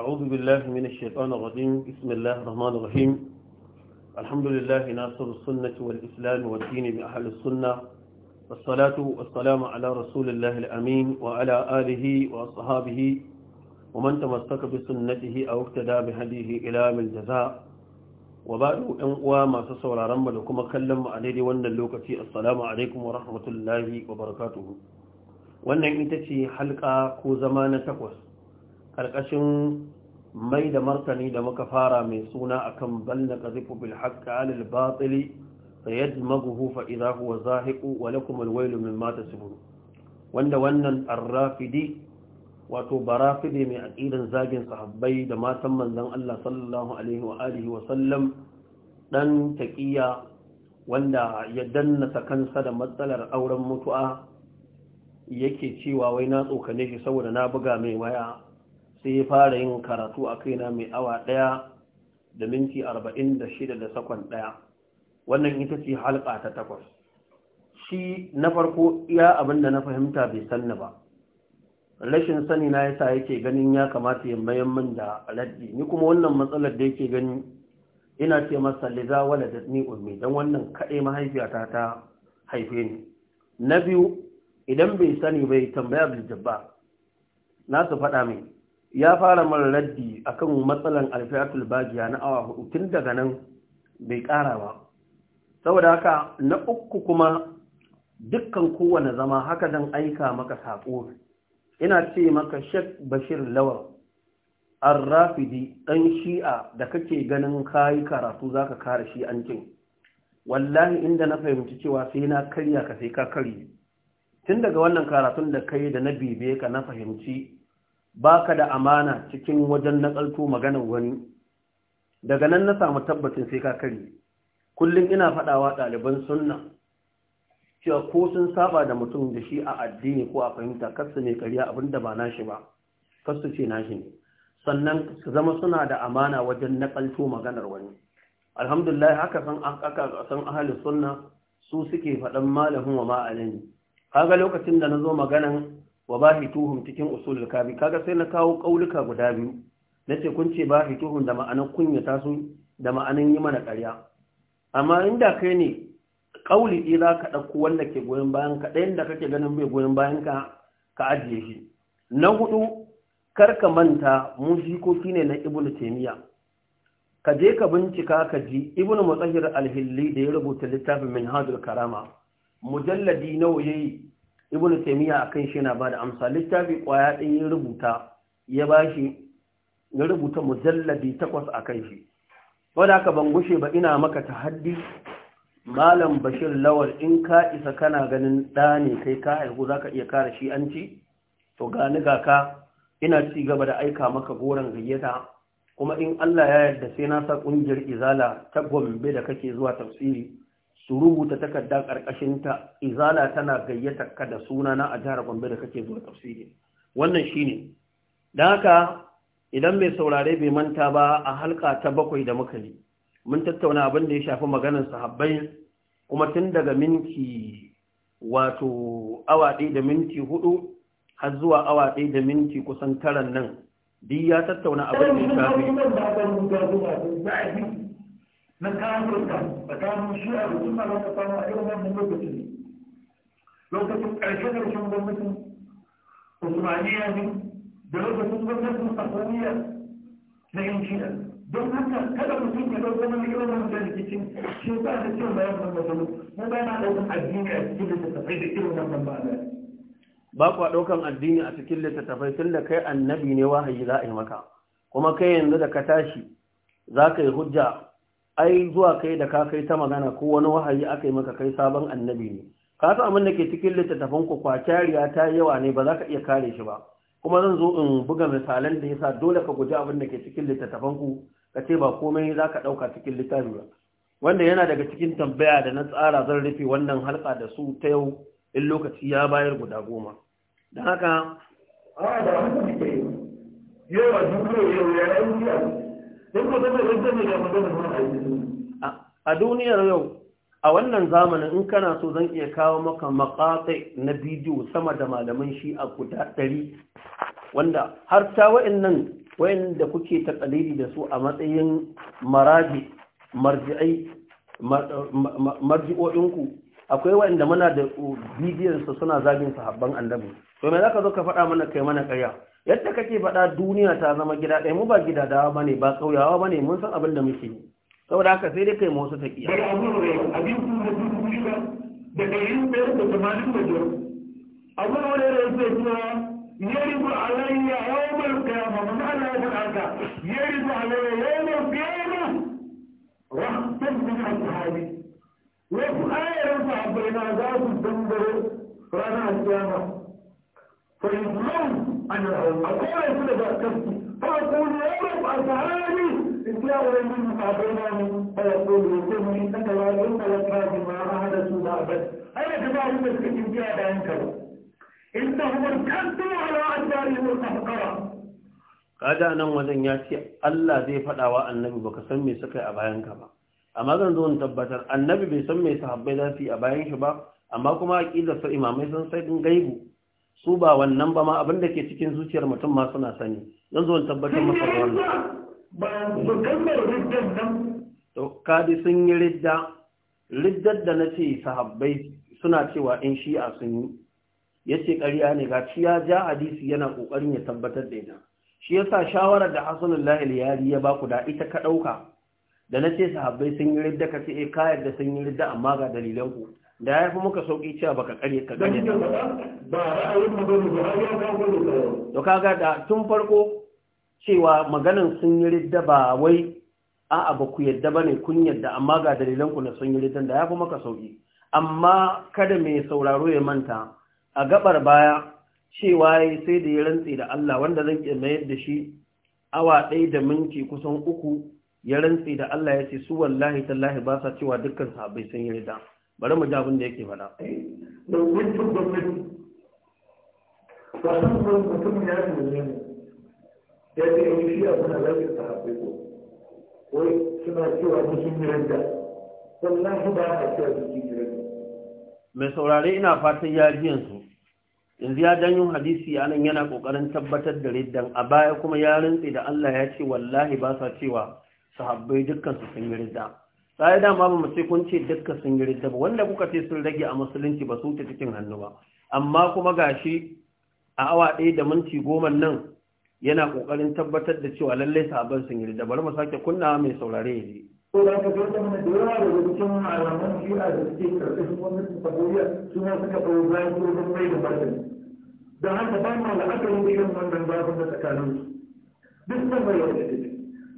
أعوذ بالله من الشيطان الرجيم بسم الله الرحمن الرحيم الحمد لله ناصر السنة والإسلام والدين بأهل السنة والصلاة والسلام على رسول الله الأمين وعلى آله وأصحابه ومن تمسك بسنته أو اقتدى بهديه إلى من جزاء وبعد أن وما تصور رمى لكم كلم عليه وأن اللوكتي السلام عليكم ورحمة الله وبركاته وأن إنتشي حلقة كو زمان تقوس ƙarƙashin mai da martani da muka fara mai suna akan balna qazifu bil haqqi alal batili fayadmaghu fa idha huwa zahiqu wa lakum al waylu mata tasifun wanda wannan arrafidi wato barafidi mai aqidan zagin sahabbai da matan manzon Allah sallallahu alaihi wa alihi wa sallam ɗan taƙiya wanda ya danna kansa da matsalar auren mutu'a yake cewa wai na tsokane shi saboda na buga mai waya sai ya fara yin karatu a kaina mai awa ɗaya da minti arba'in da shida da sakon ɗaya wannan ita ce halka ta takwas shi na farko iya abin da na fahimta bai sanna ba rashin sani na yasa yake ganin ya kamata ya mayan min da raddi ni kuma wannan matsalar da yake gani ina ce masa liza wala da ni ummi dan wannan kaɗai mahaifiyata ta haife ni na biyu idan bai sani bai tambaya bil jabba na su faɗa min ya fara mara raddi kan matsalan alfiyatul bajiya na awa hudu tun daga nan bai ƙara ba saboda haka na uku kuma dukkan kowane zama haka zan aika maka saƙo ina ce maka shek bashir lawar an rafidi, ɗan shi'a da kake ganin kayi karatu za ka kare shi an cin wallahi inda na fahimci cewa sai na karya ka sai ka karye tun daga wannan karatun da kai da na bibe ka na fahimci baka da amana cikin wajen nakalto maganar wani daga nan na samu tabbacin sai ka kare kullum ina faɗawa daliban sunna cewa ko sun saba da mutum da shi a addini ko a fahimta kasu ne ƙarya abinda ba nashi ba kasu ce nashi ne sannan su zama suna da amana wajen nakalto maganar wani alhamdulillah haka san aka san ahli sunna su suke faɗan malamin wa Ka kaga lokacin da na zo maganan wa bahituhum cikin usulul kabi kaga sai na kawo kauluka guda biyu nace kun ce bahituhum da ma'anar kunyata su da ma'anar yi mana ƙarya amma inda kai ne kauli ɗi za ka ɗauko wanda ke goyon bayan ka ɗayan da kake ganin bai goyon bayan ka ka ajiye shi na hudu ka manta mu jikoki ne na ibnu taymiya ka je ka bincika ka ji ibn mutsahir alhilli da ya rubuta littafin minhajul karama mujalladi nawa yayi ibnu taymiya akan shi yana bada amsa littafi kwaya din ya rubuta ya bashi ya rubuta mujalladi takwas akan shi wanda aka ban gushe ba ina maka ta haddi. malam bashir lawal in ka isa kana ganin ɗa kai ka haihu zaka iya kare shi an ci to gani ga ka ina ci gaba da aika maka goron gayyata kuma in allah ya yarda sai na sa ƙungiyar izala ta gombe da kake zuwa tafsiri su rubuta takarda ƙarƙashinta, ta izala tana gayyata ka da suna na a jihar Gombe da kake zuwa tafsiri wannan shine dan haka idan mai saurare bai manta ba a halka ta bakwai da muka yi mun tattauna abin da ya shafi maganar sahabbai kuma tun daga minti wato awa ɗaya da minti hudu har zuwa awa ɗaya da minti kusan taran nan duk ya tattauna abin da ya shafi na kayan kurka tsakanin shi a suna za ta samu a irin wannan lokacin lokacin ƙarshe ƙarshen gwamnatin usmaniya ne da lokacin gwamnatin safariya na yan shi'a don haka kada mutum ya ɗauko mana irin wannan rikicin shi ba da cin bayan gwamnatin mu ba na ɗaukan addini a cikin littattafai da irin wannan ba'ala ba kwa ɗaukan addini a cikin littattafai tun da kai annabi ne wahayi za a yi maka kuma kai yanzu da ka tashi za ka yi hujja ai zuwa kai da ka kai ta magana ko wani wahayi aka yi maka kai sabon annabi ne ka san abin da ke cikin littattafan ku kwacariya ta yawa ne ba za ka iya kare shi ba kuma zan zo in buga misalan da yasa dole ka guji abin da ke cikin littattafan ku ka ce ba komai za ka ɗauka cikin littafi ba wanda yana daga cikin tambaya da na tsara zan rufe wannan halka da su ta yau in lokaci ya bayar guda goma don haka yawa duk yau ya yanki a duniyar yau a wannan zamanin in kana so zan iya kawo maka makatsai na bidiyo sama da malaman shi a guda ɗari wanda har ta wa'annan wa'anda kuke ta kalili da su a matsayin maraji marji'ai marji'o'inku akwai wa'anda mana da bidiyonsa suna zagin sahabban annabi to me zaka zo ka faɗa mana kai mana ƙarya yadda kake faɗa duniya ta zama gida ɗaya mu ba gida dawa ba ne ba ƙauyawa ba ne mun san abin da muke yi saboda haka sai dai kai ma wasu taƙiya. daga yin bayar da tamanin da biyar abu wani da yake cewa yari ku alayya yawmal qiyama man ala yadaka yari ku alayya ya yi yawmal qiyama rahmatan min ashabi wa ku ayyaran sahabbai na za su dangaro ranar qiyama fa yuzlamu أنا أقول لا لك أنا إن جاء إنهم ارتدوا على أدبارهم kaga nan wajen ya ce Allah zai faɗawa annabi baka san me suka yi a bayan ka ba amma zan zo in tabbatar annabi bai san me sahabbai za su yi a bayan shi ba amma kuma aqidar sa imamai sun sai din gaibu su ba wannan ba ma abinda ke cikin zuciyar mutum ma suna sani zan zo tabbatar masa da wannan to kadi sun yi ridda riddar da na ce sahabbai suna cewa in shi'a sun yi ya ce ƙarya ne ga ci ya ja hadisi yana ƙoƙarin ya tabbatar da ita shi yasa shawarar da lahil yari ya baku da ita ka ɗauka da na ce sahabbai sun yi ridda ka ce eh, ka yarda sun yi ridda amma ga dalilan ku da ya fi muka sauƙi cewa ba ka ƙarye ka gane ta to ga da tun farko cewa maganan sun yi ridda ba wai 'a ba ku yadda ba ne kun yadda amma ga dalilan na sun yi ridda da ya fi maka sauƙi amma kada mai sauraro ya manta a gabar baya cewa sai da ya rantse da Allah wanda zan iya mayar da shi awa ɗaya da minti kusan uku ya rantse da Allah ya ce su wallahi tallahi ba sa cewa dukkan sabai sun yi ridda bari mu ji abin da yake faɗa. cin gwamnati, wasan mutum ya nuna ne, ya fi yi shi abu na lafiya ta haɓe ko, wai suna cewa musu miranda, wallahi ba a cewa musu miranda. Mai saurare ina fatan ya ji yanzu, yanzu ya yin hadisi a nan yana ƙoƙarin tabbatar da riddan a baya kuma ya rintse da Allah ya ce wallahi ba sa cewa sahabbai dukkan su sun yi ridda. sai dama ba mu ce kun ce dukkan sun yi ba wanda kuka ce sun rage a musulunci ba su ta cikin hannu ba amma kuma gashi a awa ɗaya da minti goma nan yana ƙoƙarin tabbatar da cewa lallai sabon sun yi bari mu sake kunna mai saurare ya je. ko da da suke da haka ba ma la'akari da irin wannan babin tsakaninsu duk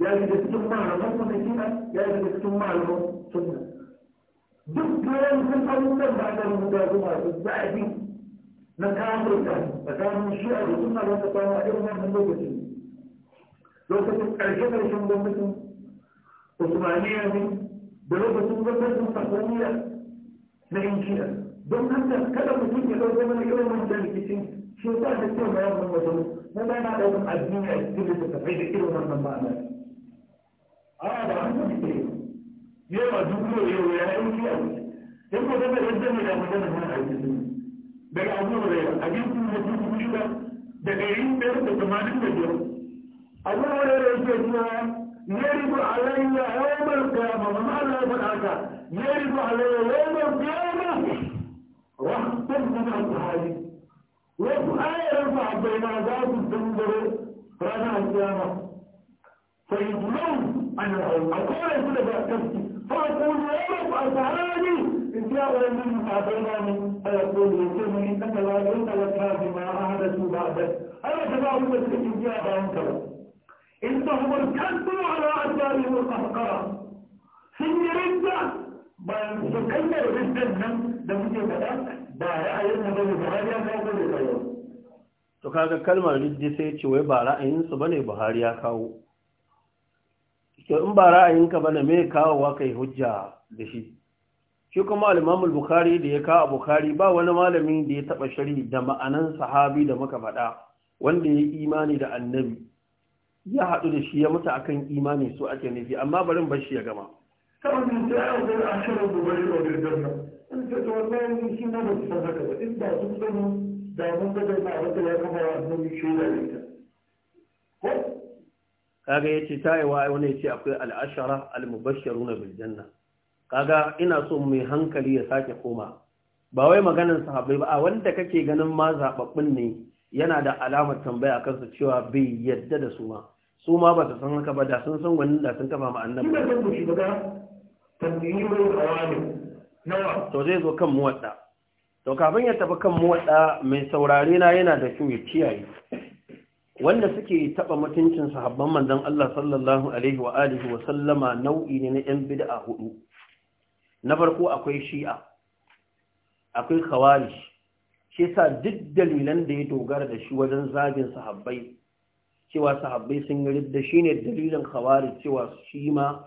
ya daga cikin malaman suna ya daga cikin malaman suna duk bayan sun abubuwan da aka rubuta su masu zafi na kafirka tsakanin shi'a da suna da ta kama irin wannan lokaci lokacin ƙarshe-ƙarshen gwamnatin usmaniya ne da lokacin gwamnatin sakoniya na yan shi'a don haka kada mutum ya ɗauka mana irin wancan rikicin shi ba da cewa ya mun wajen mu ba na ɗaukan addini a cikin da ta da irin wannan ma'ana a da kuma ne ba duk yau ya yi ki a in ko da yadda ne da mutum da kuma aiki daga abubuwa da yawa a jin kuma mutum kuma shi daga yin ɗaya da tamanin da biyar abubuwa da ke cewa يرد علي يوم القيامة من الله بالعكا يرد علي يوم القيامة رحمة من أصحابي وفي آية رفع بين عذاب الزنجر رانا القيامة فيضمنوا أنهم أقول كل ذا كفتي فأقول يوم أسعاني إن جاء من متابعاني فيقول لا بعدك جاء ارتدوا على في muke faɗa ba Buhari ya kawo to kaga kalmar riddi sai ce wai ba ra'ayinsu bane Buhari ya kawo to in ba ra'ayinka bane me kawo wa kai hujja da shi shi kuma al-Imam bukhari da ya kawo Bukhari ba wani malami da ya taba shari da ma'anan sahabi da muka faɗa wanda ya imani da annabi ya haɗu da shi ya mutu akan imani su ake nufi amma barin bashi ya gama kawai da ya zo a shirin gubari wa birnin in ta ce wallahi shi ne ba su san haka ba in ba sun sani da mun ga da na wata ya kama wa annabi shaida da ita kaga ya yace tayewa wani ya ce akwai al'ashara ashara al-mubashshiruna Biljanna. kaga ina so mai hankali ya sake koma ba wai maganar sahabbai ba a wanda kake ganin ma zababbin ne yana da alamar tambaya kansa cewa bai yadda da su ma su ba ta san haka ba da sun san wani da sun kafa ma'annan ba to zai zo kan muwadda to kafin ya tafi kan muwadda mai saurare na yana da kyau ya kiyaye wanda suke taɓa mutuncin sahabban manzon Allah sallallahu alaihi wa alihi wa sallama nau'i ne na yan bid'a hudu na farko akwai shi'a akwai khawarij shi yasa duk dalilan da ya dogara da shi wajen zagin sahabbai cewa sahabbai sun yi ridda shi ne dalilin khawari cewa shi ma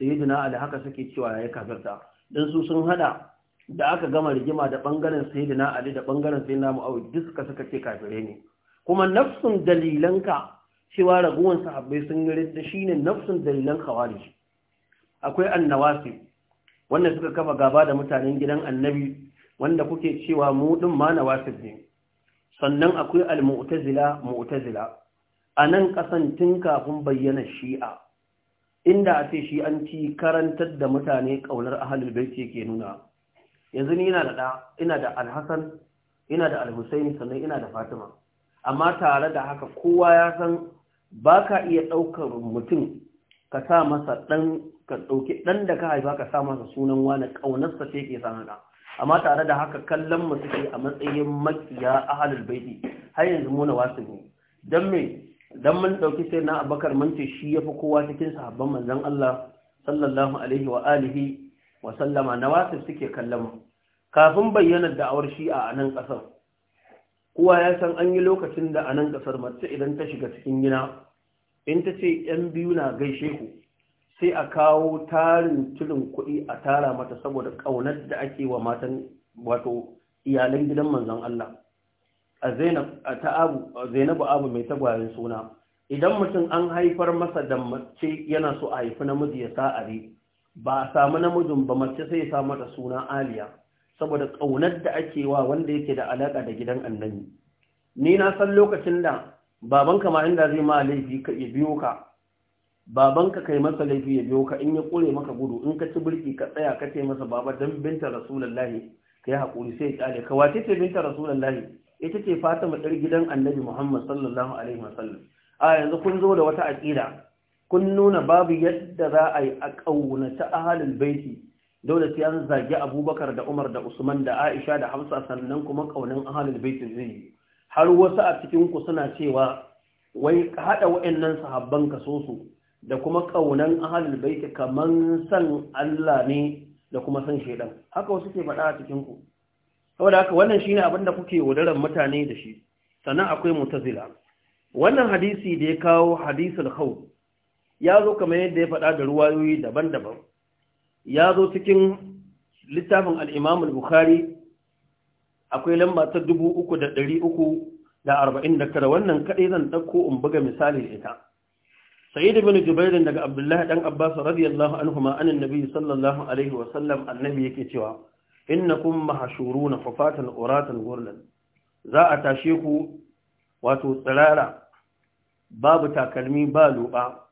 sayyidina ali haka suke cewa yayi yi kafirta don su sun hada da aka gama rigima da bangaren sayyidina ali da bangaren sayyidina mu'awai duk suka suka ce kafire ne kuma nafsun dalilanka cewa raguwan sahabbai sun yi shi shine nafsun dalilan kawari akwai annawasi wanda suka kafa gaba da mutanen gidan annabi wanda kuke cewa mu din ma nawasib ne sannan akwai al-mu'tazila mu'tazila anan kasan tun kafin bayyana shi'a inda a ce shi an ci karantar da mutane ƙaunar ahlul bait yake nuna yanzu ni ina da ina da Alhassan, ina da al sannan ina da fatima amma tare da haka kowa ya san ba ka iya ɗaukar mutum ka sa masa ɗan ka ɗauki ɗan da ka haifa ka sa masa sunan wani ƙaunarsa ce ke san haka amma tare da haka kallon mu suke a matsayin makiya halin baiti har yanzu muna wasu ne Don me don mun ɗauki sai na abakar mance shi shi fi kowa cikin sahabban manzon Allah sallallahu alaihi wa alihi wa sallama na wasu suke kallon mu kafin bayyana da'awar shi'a a nan ƙasar kowa ya san an yi lokacin da a nan ƙasar mace idan ta shiga cikin gina in ta ce ‘yan biyu na gaishe ku sai a kawo tarin tulin kuɗi a tara mata saboda ƙaunar da ake wa matan wato iyalan gidan manzon Allah a zainabu abu mai tagwayen suna idan mutum an haifar masa da mace yana so a haifi namiji ya sa'ari ba a samu namijin ba mace sai ya sa mata suna aliya saboda ƙaunar da ake wa wanda yake da alaƙa da gidan annabi ni na san lokacin da babanka ma inda zai ma laifi ka ya biyo ka babanka kai masa laifi ya biyo ka in ya kore maka gudu in ka ci birki ka tsaya ka ce masa baba dan binta rasulullahi kai hakuri sai ka ce ka wace ce binta rasulullahi ita ce Fatima dar gidan Annabi Muhammad sallallahu alaihi wasallam a yanzu kun zo da wata aqida kun nuna babu yadda za a yi a ƙaunaci ahalul baiti dole sai an zagi abubakar da umar da usman da aisha da hamsa sannan kuma kaunin ahalul baiti zai har wasu a cikinku suna cewa wai haɗa wa'annan sahabban so su da kuma kaunan ahalul baiti kaman san Allah ne da kuma san shedan haka wasu ke faɗa a cikinku saboda haka wannan shine abin da kuke wadaran mutane da shi sannan akwai mutazila wannan hadisi da ya kawo hadisul khawf ya zo kamar yadda ya faɗa da ruwayoyi daban-daban ya zo cikin littafin al'imam al-bukhari akwai lamba ta kada, wannan kaɗai zan ɗauko in buga misali ita sa'id ibn Jubairun daga abdullahi Ɗan abbas radiyallahu anhu ma'anin nabi sallallahu alaihi wa sallam annabi yake cewa innakum mahshuruna fafatan oratan gurlan za a tashe ku wato tsirara babu takalmi ba luɓa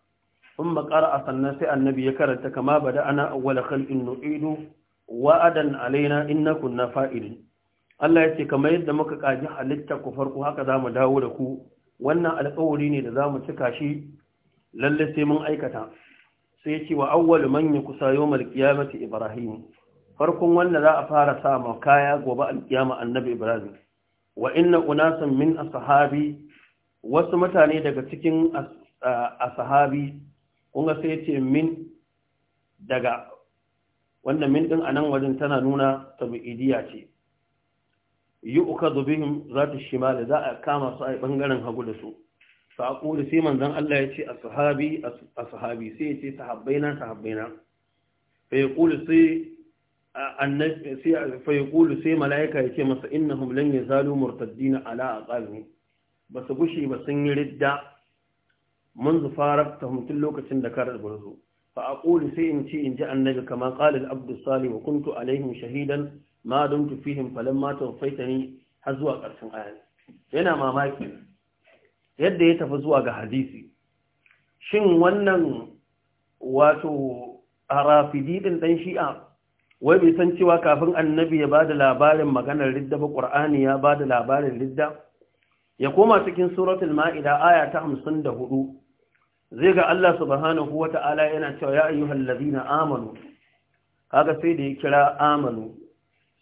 sun makara a sannan sai annabi ya karanta kama ba da ana awwala khalqin nu'idu wa'adan alaina innakum na fa'ilin Allah ya ce kamar yadda muka kaji halitta ku farko haka za mu dawo da ku wannan alƙawari ne da za mu cika shi lalle sai mun aikata sai ya ce wa awwalu man yakusa yawmal qiyamati ibrahim farkon wanda za a fara sa ma kaya gobe alƙiyama annabi ibrahim wa inna unasan min ashabi wasu mutane daga cikin ashabi Kunga ga sai ce min daga wannan min a anan wajen tana nuna tabi'idiyya ce yi uka zubihim za ta shimali za a kama su a bangaren hagu da su faƙuli sai manzan Allah ya ce a sahabi a sahabi sai ya ce sahabbaina sahabbaina faƙuli sai mala'ika ya ce masa innahum lan yazalu murtaddina ala tsarin. ba su gushe ba sun yi ridda منذ فارقتهم تلوك سندكار البرزو فأقول سيئن شيء جاء النبي كما قال العبد الصالح وكنت عليهم شهيدا ما دمت فيهم فلما توفيتني هزوا قرسن آيان yana mamaki yadda ya tafi zuwa ga hadisi shin wannan wato arafidi din dan shi'a wai bai san cewa kafin annabi ya bada labarin maganar ridda ba qur'ani ya bada labarin ridda ya koma cikin suratul ma'ida aya ta 54 zai ga Allah subhanahu wa ta'ala yana cewa ya ayyuhal ladina amanu kaga sai da ya kira amanu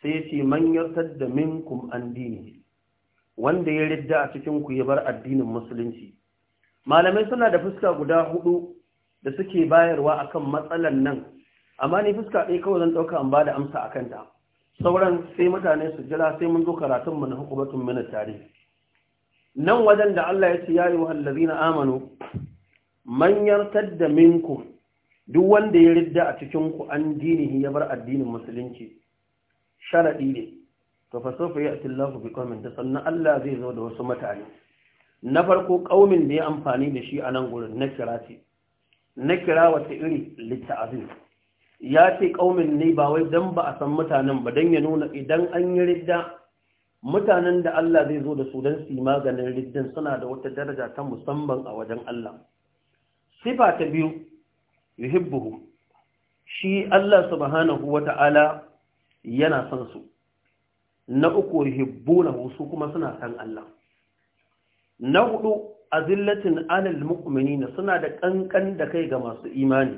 sai ya ce man da minkum an dini wanda ya ridda a cikin ku ya bar addinin musulunci malamai suna da fuska guda hudu da suke bayarwa akan matsalan nan amma ni fuska ɗaya kawai zan ɗauka an bada amsa a kanta sauran sai mutane su jira sai mun zo karatun mu na hukumatun mana tare nan wajen da Allah ya ce ya yi wa amanu manyar tadda minku duk wanda ya ridda a cikinku an dinihi ya bar addinin musulunci sharaɗi ne to fa sofa ya ati Allah bi qawmin da sannan Allah zai zo da wasu mutane na farko kaumin da ya amfani da shi a nan gurin na kira ce na kira wata iri litta'azim ya ce ƙaumin ne ba wai dan ba a san mutanen ba dan ya nuna idan an yi ridda mutanen da Allah zai zo da su dan su maganin riddan suna da wata daraja ta musamman a wajen Allah sifa ta biyu yuhibbuhu shi Allah subhanahu wata'ala yana son su na uku yuhibbunahu su kuma suna san Allah na hudu azillatin alal mu'minina suna da kankan da kai ga masu imani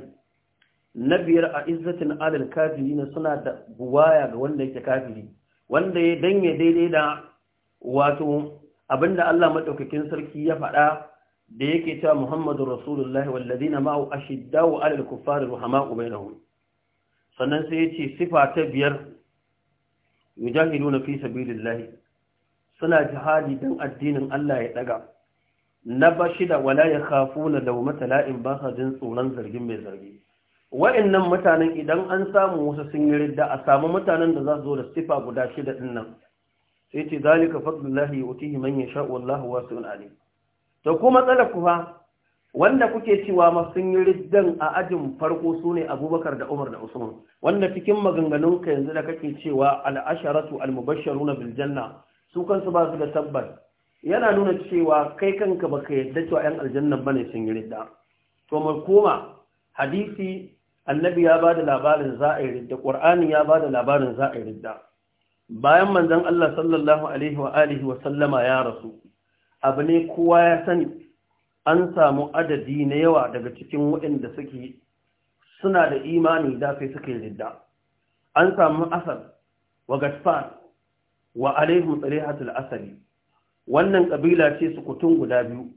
na biyar a izzatin alal kafirina suna da buwaya ga wanda yake kafiri wanda ya danye daidai da wato abinda Allah madaukakin sarki ya faɗa da yake cewa Muhammadu Rasulullahi wallazina ma'u ashiddau 'alal kuffari ruhama'u bainahum sannan sai yace sifa ta biyar na fi sabilillahi suna jihadi dan addinin Allah ya ɗaga. na bashida wala yakhafuna lawmata la'in ba sa jin tsoron zargin mai zargi wa'annan mutanen idan an samu wasu sun yi ridda a samu mutanen da za su zo da sifa guda shida din nan sai ce zalika fadlullahi yutihi man sha'u wallahu wasi'un alim to ko matsalar ku fa wanda kuke cewa ma sun yi riddan a ajin farko sune abubakar da umar da usman wanda cikin maganganunka yanzu da kake cewa al'asharatu al-mubashsharuna bil janna su kansu ba su da tabbas yana nuna cewa kai kanka baka yadda cewa yan aljanna bane sun yi ridda to mu koma hadisi annabi ya bada labarin za a ridda qur'ani ya bada labarin za a ridda bayan manzon Allah sallallahu alaihi wa alihi wa sallama ya rasu abu ne kowa ya sani an samu adadi na yawa daga cikin waɗanda suke suna da imani da sai suke ridda an samu asar wa gasfan wa alaihim tsarihatul asali wannan kabila ce su kutun guda biyu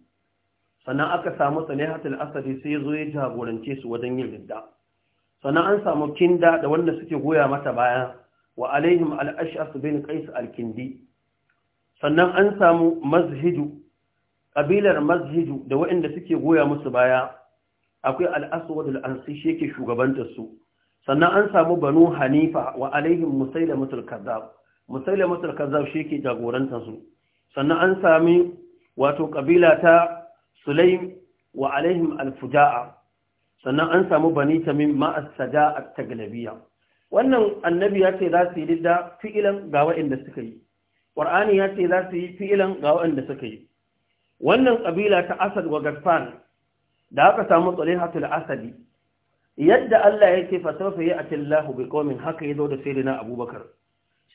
sannan aka samu tsarihatul asari sai zo ya jagorance su wajen yin ridda sannan an samu kinda da wanda suke goya mata baya wa alaihim al-ash'as bin qais al-kindi sannan an samu mazhiju ƙabilar mazhiju da waɗanda suke goya musu baya akwai al'aswad al'ansi shi yake shugabantar su sannan an samu banu hanifa wa alaihim musailamatul kazzab musailamatul kazzab shi yake jagorantar su sannan an sami wato ƙabila ta sulaim wa alaihim al-fuja'a sannan an samu bani ta min as-saja'a ta galabiya. wannan annabi ya ce za su yi lidda fi'ilan ga waɗanda suka yi ƙwar'ani ya ce za su yi fi'ilan ga waɗanda suka yi wannan ƙabila ta asad wa gasfan da aka samu tsalihatul asadi yadda Allah ya ce fasafa ya ati Allahu bi qaumin haka yazo da na Abubakar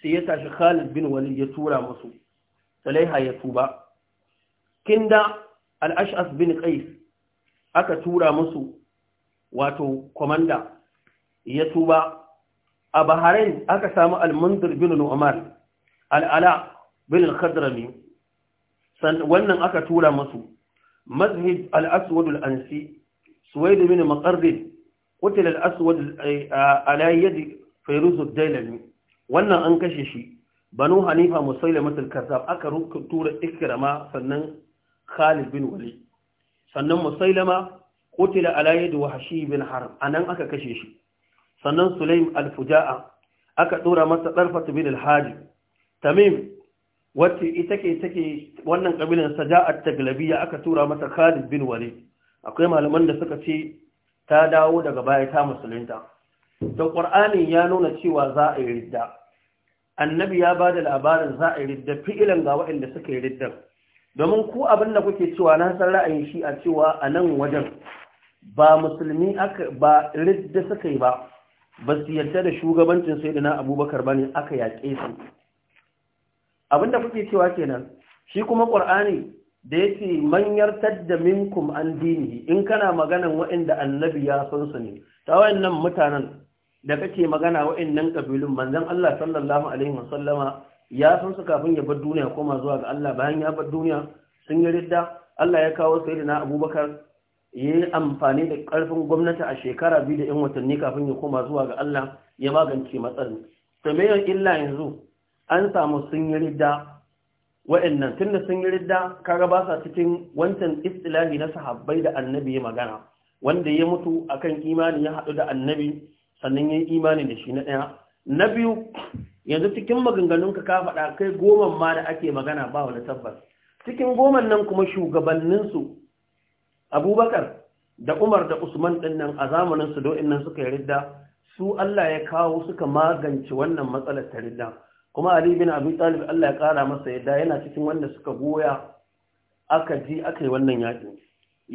sai ya tashi Khalid bin Wani ya tura musu Salaiha ya tuba kinda al'ashas bin Qais aka tura musu wato komanda ya tuba a Bahrain aka samu al-Mundir bin Umar al'ala bin khadrami wannan aka tura masu. mazhib al-aswad al-ansi suwaid bin maqarrid qutila al-aswad eh, ala dailami wannan an kashe shi banu hanifa musailamat al-kazzab aka tura ikrama sannan khalid bin Wali. sannan musailama qutila Alayyadi yadi wahshi bin a nan aka kashe shi sannan sulaim al-fuja'a aka tura masa ɗarfata bin al tamim wacce ita ke take wannan kabilan saja'at taglabiya aka tura mata Khalid bin Walid akwai malaman da suka ce ta dawo daga baya ta musulunta da Qur'ani ya nuna cewa za a yi ridda annabi ya bada labarin za a yi ridda fi'ilan ga waɗanda suka yi riddan domin ku abin da kuke cewa na san ra'ayin shi a cewa a nan wajen ba musulmi aka ba ridda suka yi ba ba su yarda da shugabancin sai na abubakar ba ne aka yaƙe su abinda kuke cewa kenan shi kuma ƙur'ani da yake manyar tadda minkum an dinihi in kana magana waɗanda annabi ya san su ne ta wayannan mutanen da kake magana wa'innan kabilun manzon Allah sallallahu alaihi wasallama ya san su kafin ya bar duniya koma zuwa ga Allah bayan ya bar duniya sun yi ridda Allah ya kawo sayyidina Abubakar ya yi amfani da ƙarfin gwamnati a shekara biyu da 'yan watanni kafin ya koma zuwa ga Allah ya magance matsalin. To me illa yanzu an samu sun yi ridda wa'annan tun da sun yi ridda kaga ba sa cikin wancan istilahi na sahabbai da annabi ya magana wanda ya mutu akan imani ya haɗu da annabi sannan ya yi imani da shi na ɗaya na biyu yanzu cikin maganganunka ka faɗa kai goma ma da ake magana ba wani tabbas cikin goman nan kuma shugabanninsu abubakar da umar da usman ɗin nan a zamaninsu do'in nan suka yi ridda su allah ya kawo suka magance wannan matsalar ta ridda kuma ali bin abi talib Allah ya kara masa yadda yana cikin wanda suka goya aka ji aka yi wannan yakin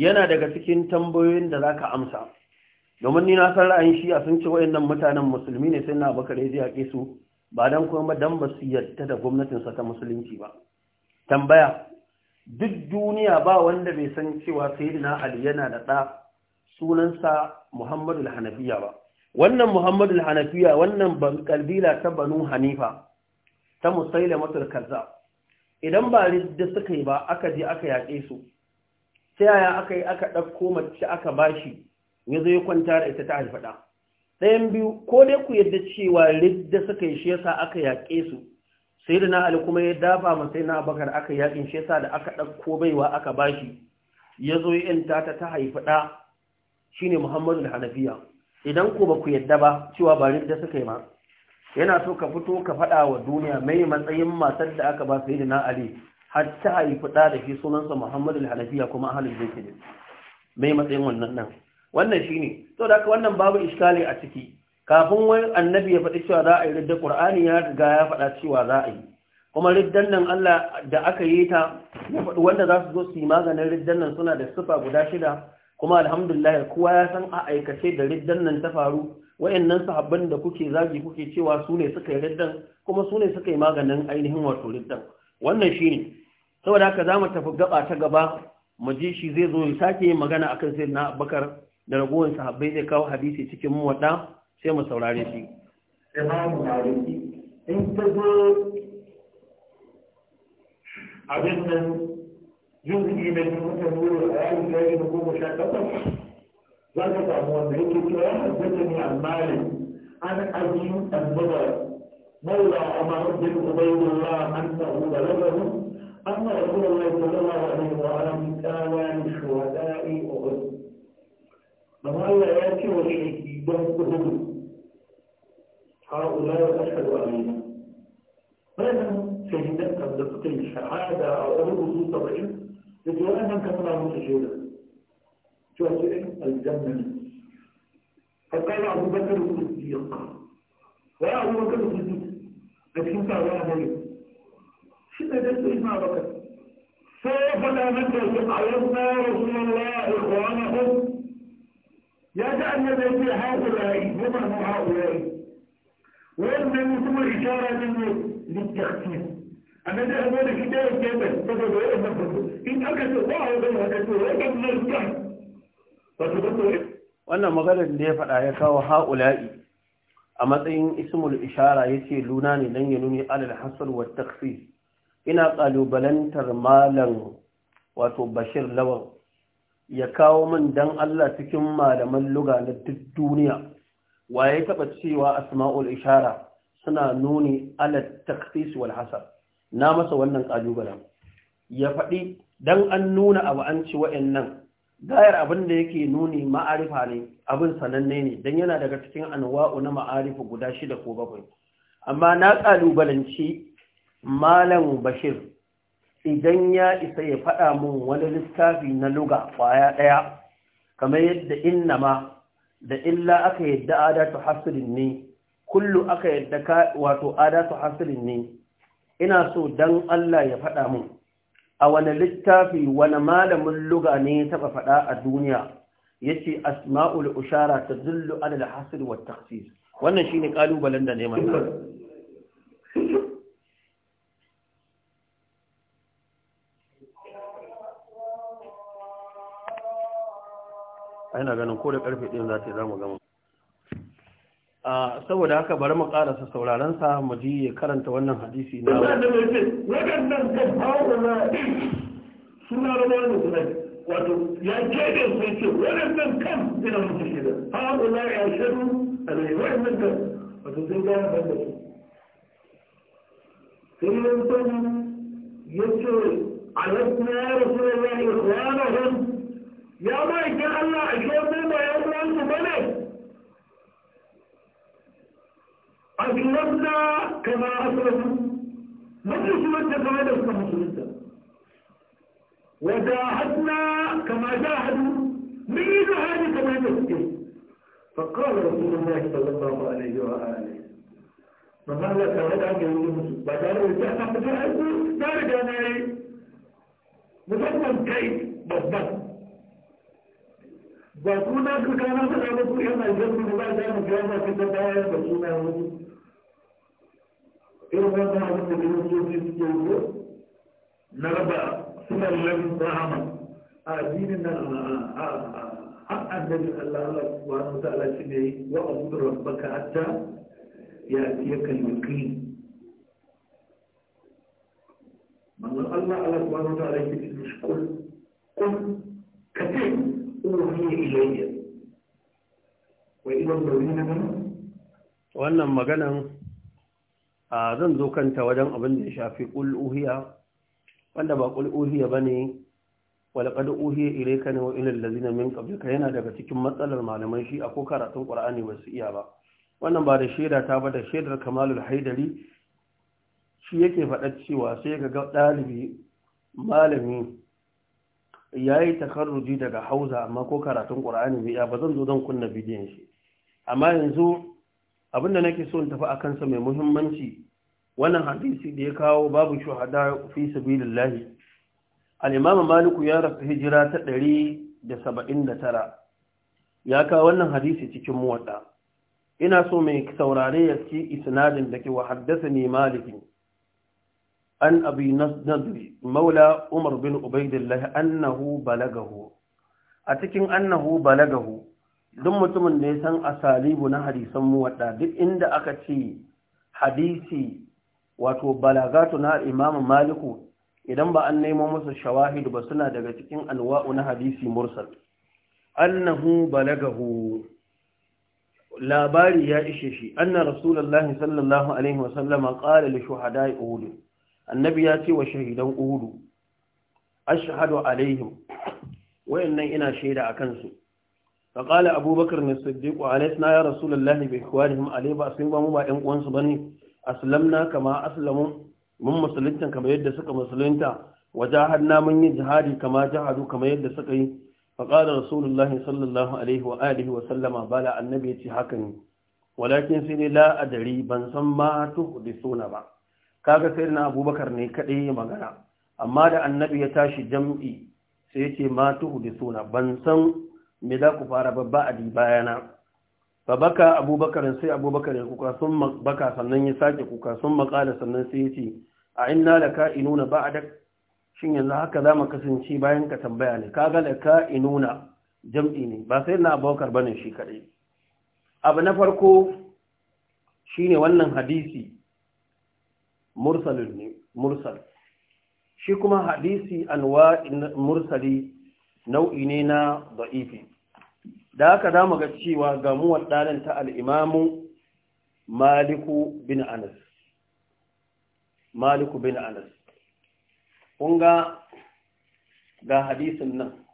yana daga cikin tambayoyin da zaka amsa domin ni na san ra'ayin shi a sun ce wayannan mutanen musulmi ne sai na bakar ya yaƙe su ba dan kuma dan ba su yarda da gwamnatin sa ta musulunci ba tambaya duk duniya ba wanda bai san cewa sayyidina ali yana da da sunansa Muhammadu hanafiya ba wannan Muhammadu hanafiya wannan kalbila ta Banu Hanifa ta musaila matar kaza idan ba ridda suka yi ba aka je aka yaƙe su ta yaya aka yi aka ɗauko mace aka bashi ya zo ya kwanta da ita ta haifaɗa ɗayan biyu ko dai ku yadda cewa ridda suka yi shi yasa aka yaƙe su sai da na ali kuma ya dafa masai sai na bakar aka yaƙin shi yasa da aka ɗauko baiwa aka bashi ya zo ya yanta ta ta Shi shine muhammadu da hanafiya idan ku ba ku yadda ba cewa ba ridda suka yi ba. yana so ka fito ka faɗa wa duniya mai matsayin matar da aka ba sai da na'ali, ali haifi ɗa da shi sunansa muhammadu al-hanafiya kuma ahalin zai ne mai matsayin wannan nan wannan shine to da wannan babu iskali a ciki kafin wani annabi ya faɗi cewa za a yi riddar ƙur'ani ya riga ya faɗa cewa za a yi kuma riddar nan Allah da aka yi ta ya faɗi wanda za su zo su yi maganin riddar nan suna da sufa guda shida kuma alhamdulillah kowa ya san a aikace da riddar nan ta faru nan sahabban da kuke zagi kuke cewa su ne suka yi riddan kuma su ne suka yi maganin ainihin wato riddan wannan shi ne saboda haka za mu tafi gaba ta gaba mu ji shi zai zo ya sake yin magana akan na Abubakar da ragowar sahabbai zai kawo hadisi cikin wadda sai mu saurare shi Imam Maliki in ta zo abin nan juz'i ne biyu ta ne a yayin da ya goma sha takwas za ka samu wanda yake عن ya haddata مولى عمر بن عبيد الله أنه بلغه أن رسول الله صلى الله عليه وسلم كان لشهداء أحد فما لا يأتي وشهيدا أحد هؤلاء أشهد علينا فإذا سيدنا أن تقتل شهادة أو أحد سبعين لتوانا كما نعمل شهيدا تعلن الجنة فقال أبو بكر الصديق ويا أبو بكر الصديق لكن تعالى عليه شنو ده سيدنا أبو بكر سوف لا نجلس علمنا رسول الله إخوانهم يجعل الذي هؤلاء هم هؤلاء وإن ثم إشارة منه للتخفيف أنا ده هو الكتاب الجبل فقد وإن أكد الله بين هدفه وإن أكد wannan maganar da ya faɗa ya kawo ha'ula'i a matsayin ismul ishara ya ce luna ne don ya nuni alal hasar wa taksi ina ƙalubalantar malam wato bashir lawan ya kawo min don allah cikin malaman luga na duk duniya Waye ya taɓa cewa asma'ul ishara suna nuni alal taksi wal hasar na masa wannan ƙalubalen ya faɗi don an nuna abu an ci wa'in dayar abin da yake nuni ma'arifa ne abin sananne ne don yana daga cikin anwa'u na ma'arifa guda shida ko bakwai amma na ƙalubalanci malam bashir idan ya isa ya faɗa mun wani littafi na luga ƙwaya ɗaya kamar yadda inna ma da illa aka yadda adatu hasirin ne kullu aka yadda wato adatu hasirin ne ina so don Allah ya faɗa mun a wani littafi wani malamin luga ne ya taɓa faɗa a duniya ya ce asma'ul ushara ta zullu alal hasir wa taksis wannan shi ne ƙalubalen da neman ana ganin ko da karfe ɗin za ta yi gama saboda haka bari mu karasa sauraron sa mu ji karanta wannan hadisi na wannan wadannan kan hawo na suna da wani suna wato ya kede su ce wannan kan ina musu shida hawo na ya shiru a ne wadannan kan wato sun ga ban da su sai yan ya ce alasna ya rasulullahi wa ikhwanahum ya mai ikin Allah a shi wannan ba yan uwan su bane أسلمنا كما أسلموا من يسلمنا كما أسلموا مسلمنا وجاهدنا كما جاهدوا من يجاهد كما يسلم فقال رسول الله صلى الله عليه وآله من لا لك عن يهود المسلم بعد أن يجاهد مجاهد دار جانعي مصمم كيف بضبط أنا suna su kana أنا ba su yana أنا su ba za أنا gama su ta أنا da suna wani irin wannan abin da kiristoci suke wuce na raba suna lalin rahama a addinin nan har annabi Allah Allah subhanahu wa ta'ala shi ne wa abudu rabbaka hatta ya tiyaka yaqin manzon Allah Allah subhanahu wa ta'ala yake cikin shukul kun kace uhi ilayya wa ila alladhina wannan maganan zan zo kanta wajen abin da ya shafi ƙul'uhiya wanda ba ƙul'uhiya ba ne walaƙad uhiya ilaika ne wa ilal zina min ka? yana daga cikin matsalar malaman shi ko karatun qur'ani ba su iya ba wannan ba da shaida ta ba da shaidar kamalul haidari shi yake faɗa cewa sai ga ɗalibi malami ya yi takarruji daga hauza amma ko karatun ƙura'ani ya ba zan zo don kunna bidiyon shi amma yanzu abinda nake so in tafi a kansa mai muhimmanci wannan hadisi da ya kawo babu shuhada fi sabilillahi al-imam maliku ya rasu hijira ta 179 ya kawo wannan hadisi cikin muwadda ina so mai saurare ya ci isnadin da ke wa haddasa ne maliki. an abi nadri maula umar bin ubaidillahi annahu balagahu a cikin annahu balagahu duk mutumin da ya san asalibu na hadisan muwadda duk inda aka ce hadisi wato balagatu na imam maliku idan ba an nemo musu shawahidu ba suna daga cikin anwa'u na hadisi mursal annahu balagahu labari ya ishe shi anna rasulullahi sallallahu alaihi wasallama qala li shuhada'i uhud annabi ya ce wa shahidan uhud ashhadu alaihim wayannan ina shaida akan su فقال أبو بكر الصديق وعليتنا يا رسول الله بإخوانهم عليه بأسين ومبا إنقوان سبني أسلمنا كما أسلموا من مسلمتا كما يد سكا مسلمتا وجاهدنا من يجهادي كما جاهدوا كما يد سكي فقال رسول الله صلى الله عليه وآله وسلم بلا النبي تحكني ولكن سيني لا أدري بن سما تحدثون با kaga sayyidina abubakar بكر kadai ya magana amma da annabi ya tashi jam'i sai ya ce ma me za ku fara babba a bayana fa baka abubakar sai abubakar ya kuka sun baka sannan ya sake kuka sun makala sannan sai ya ce a ina da ka'inuna ba a da shin yanzu haka za mu kasance bayan ka tambaya ne kaga ka ka'inuna jam'i ne ba sai na abubakar bane shi kaɗai abu na farko shine wannan hadisi mursalin ne mursal shi kuma hadisi anwa mursali nau'i ne na da'ifin da aka za mu ga cewa ga muwaddanan ta al'imamu maliku bin anas maliku bin anas ƙunga ga hadisin nan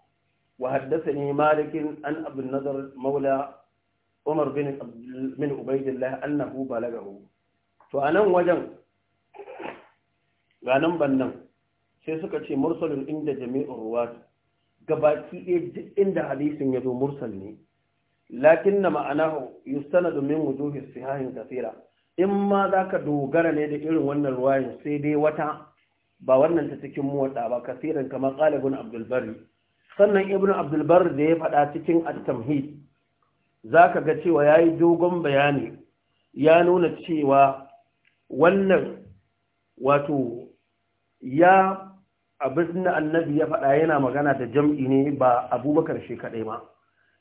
wa haddasa ne malikin an abin nazar maula umar bin ubaidillah annahu balagahu to a nan wajen ga nan ban nan sai suka ce mursalin inda jami'in ruwatu gabaki ɗaya duk inda hadisin ya zo mursal ne lakin na ma'anahu yustanadu min wujuhi sihahin kasira in ma zaka dogara ne da irin wannan ruwayin sai dai wata ba wannan ta cikin muwaɗa ba kasirin kamar qalibun abdul sannan ibnu abdul da ya faɗa cikin at-tamhid zaka ga cewa yayi dogon bayani ya nuna cewa wannan wato ya abin da annabi ya faɗa yana magana da jam'i ne ba abubakar shi kaɗai ma